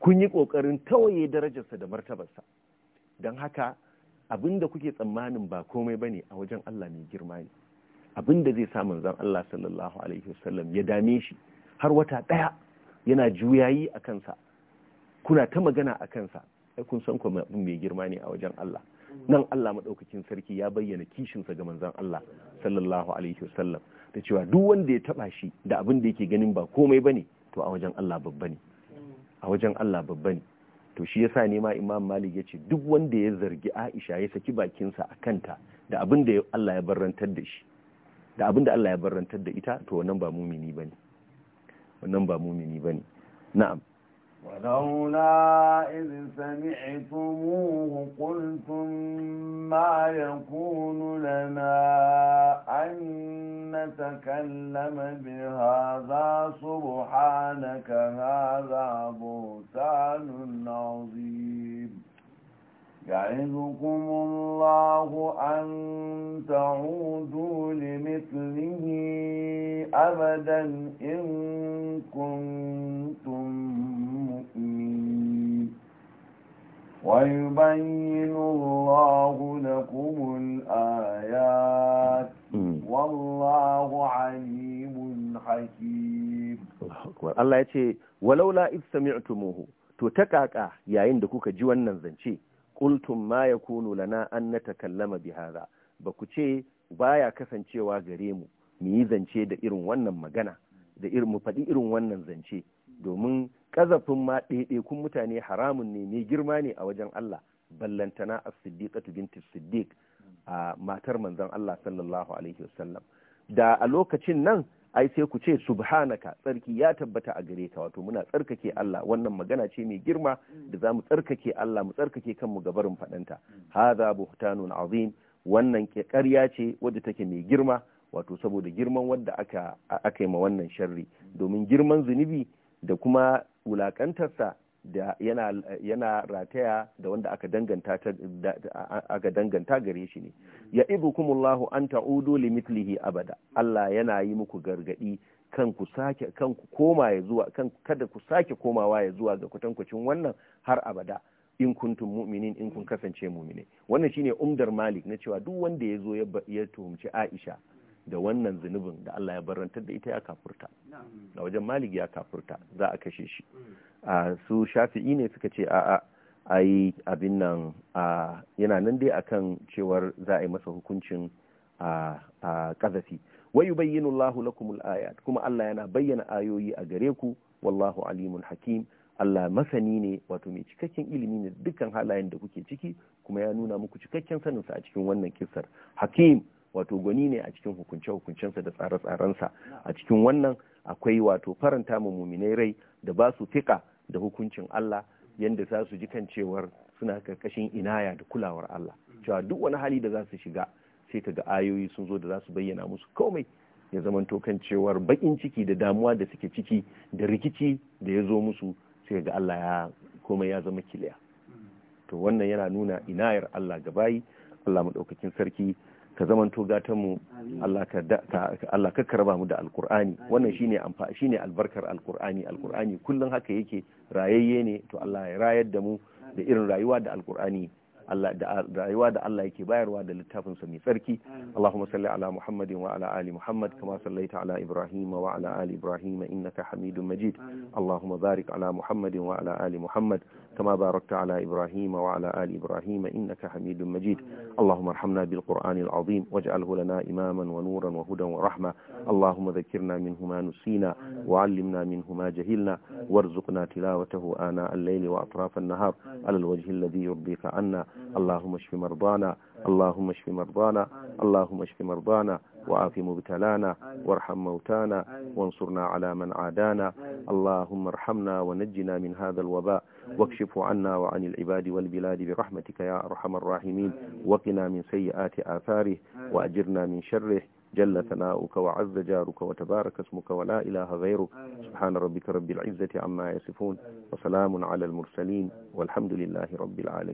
kun yi kokarin tawaye darajarsa da martabarsa don haka abin da kuke tsammanin ba komai bane a wajen Allah mai girma ne abin da zai sa manzon Allah sallallahu alaihi wasallam ya dame shi har wata ɗaya yana juyayi a kansa kuna ta magana a kansa ai kun san kuma mai girma ne a wajen Allah nan Allah madaukakin sarki ya bayyana kishin sa ga manzon Allah sallallahu alaihi wasallam da cewa duk wanda ya taba shi da abin da yake ganin ba komai bane to a wajen Allah babba ne a wajen Allah babba ne to shi yasa ne ma Imam Malik ya ce duk wanda ya zargi Aisha ya saki bakinsa a kanta da abin da Allah ya barrantar da shi da abin da Allah ya barrantar da ita to wannan ba mumini bane wannan ba mumini ba ne na'am ولولا إذ سمعتموه قلتم ما يكون لنا أن نتكلم بهذا سبحانك هذا بهتان عظيم يعظكم الله أن تعودوا لمثله أبدا إن كنتم مؤمنين ويبين الله لكم الآيات والله عليم حكيم الله يتي ولولا إذ سمعتموه to يا عندك جوانا da qultum ma yakunu lana an natakallama bihadha ba ku ce baya kasancewa gare mu mu yi zance da irin wannan magana da irin mu faɗi irin wannan zance domin kazafin ma kun mutane haramun ne mai girma ne a wajen Allah ballantana as-siddiqatu binti siddiq a matar manzon Allah sallallahu alaihi wasallam da a lokacin nan ai sai ku ce subhanaka tsarki ya tabbata a gare ka wato muna tsarkake Allah wannan magana ce mai girma da za mu tsarkake Allah mu tsarkake kanmu ga barin faɗanta hadha buhtanun azim wannan ƙarya ce wadda take mai girma wato saboda girman wadda aka aka yi ma wannan sharri domin girman zunubi da kuma wulakantarsa da yana yana rataya da wanda aka danganta ta aka danganta gare shi ne ya ibukumullahu an ta'udu li mithlihi abada Allah yana yi muku gargadi kan ku sake kan ku koma ya zuwa kan kada ku sake komawa ya zuwa ga kutankucin wannan har abada in kuntum mu'minin in kun kasance mu'mini wannan shine umdar malik na cewa duk wanda ya zo ya tuhumci aisha da wannan zunubin da Allah ya barantar da ita ya kafurta da wajen malik ya kafurta za a kashe shi mm. a su shafi'i ne suka ce a a'a yi abin nan yana nan dai akan cewar za a yi masa hukuncin a kazafi wa yubayyinu lahu lakumul ayat kuma Allah yana bayyana ayoyi a gare ku wallahu alimun hakim Allah masani ne wato mai cikakken ilimi ne dukkan halayen da kuke ciki kuma ya nuna muku cikakken sanin sa a cikin wannan kissar hakim wato gwani ne a cikin hukunce-hukuncensa da tsare-tsarensa a cikin wannan akwai wato faranta mu muminai rai da ba su fiƙa da hukuncin Allah yadda za su ji kan cewar suna karkashin inaya da kulawar Allah cewa duk wani hali da za su shiga sai ka ga ayoyi sun zo da za su bayyana musu komai ya zamanto kan cewar bakin ciki da damuwa da suke ciki da rikici da ya zo musu sai ga Allah ya komai ya zama kiliya to wannan yana nuna inayar Allah ga bayi Allah madaukakin sarki ka zamanto mu Allah ka karba mu da alkur'ani wannan shine amfani shine albarkar alkur'ani alkur'ani kullun haka yake rayayye ne to Allah ya rayar da mu da irin rayuwa da alkur'ani Allah da rayuwa da Allah yake bayarwa da littafin sa mai tsarki Allahumma salli ala Muhammadin wa ala ali Muhammad kama sallaita ala Ibrahim wa ala ali Ibrahim innaka Hamidum Majid Allahumma barik ala Muhammadin wa ala ali Muhammad كما باركت على إبراهيم وعلى آل إبراهيم إنك حميد مجيد اللهم ارحمنا بالقرآن العظيم واجعله لنا إماما ونورا وهدى ورحمة اللهم ذكرنا منه ما نسينا وعلمنا منه ما جهلنا وارزقنا تلاوته آناء الليل وأطراف النهار على الوجه الذي يرضيك عنا اللهم اشف مرضانا اللهم اشف مرضانا اللهم اشف مرضانا وعاف مبتلانا وارحم موتانا وانصرنا على من عادانا اللهم ارحمنا ونجنا من هذا الوباء واكشف عنا وعن العباد والبلاد برحمتك يا أرحم الراحمين وقنا من سيئات آثاره وأجرنا من شره جل ثناؤك وعز جارك وتبارك اسمك ولا إله غيرك سبحان ربك رب العزة عما يصفون وسلام على المرسلين والحمد لله رب العالمين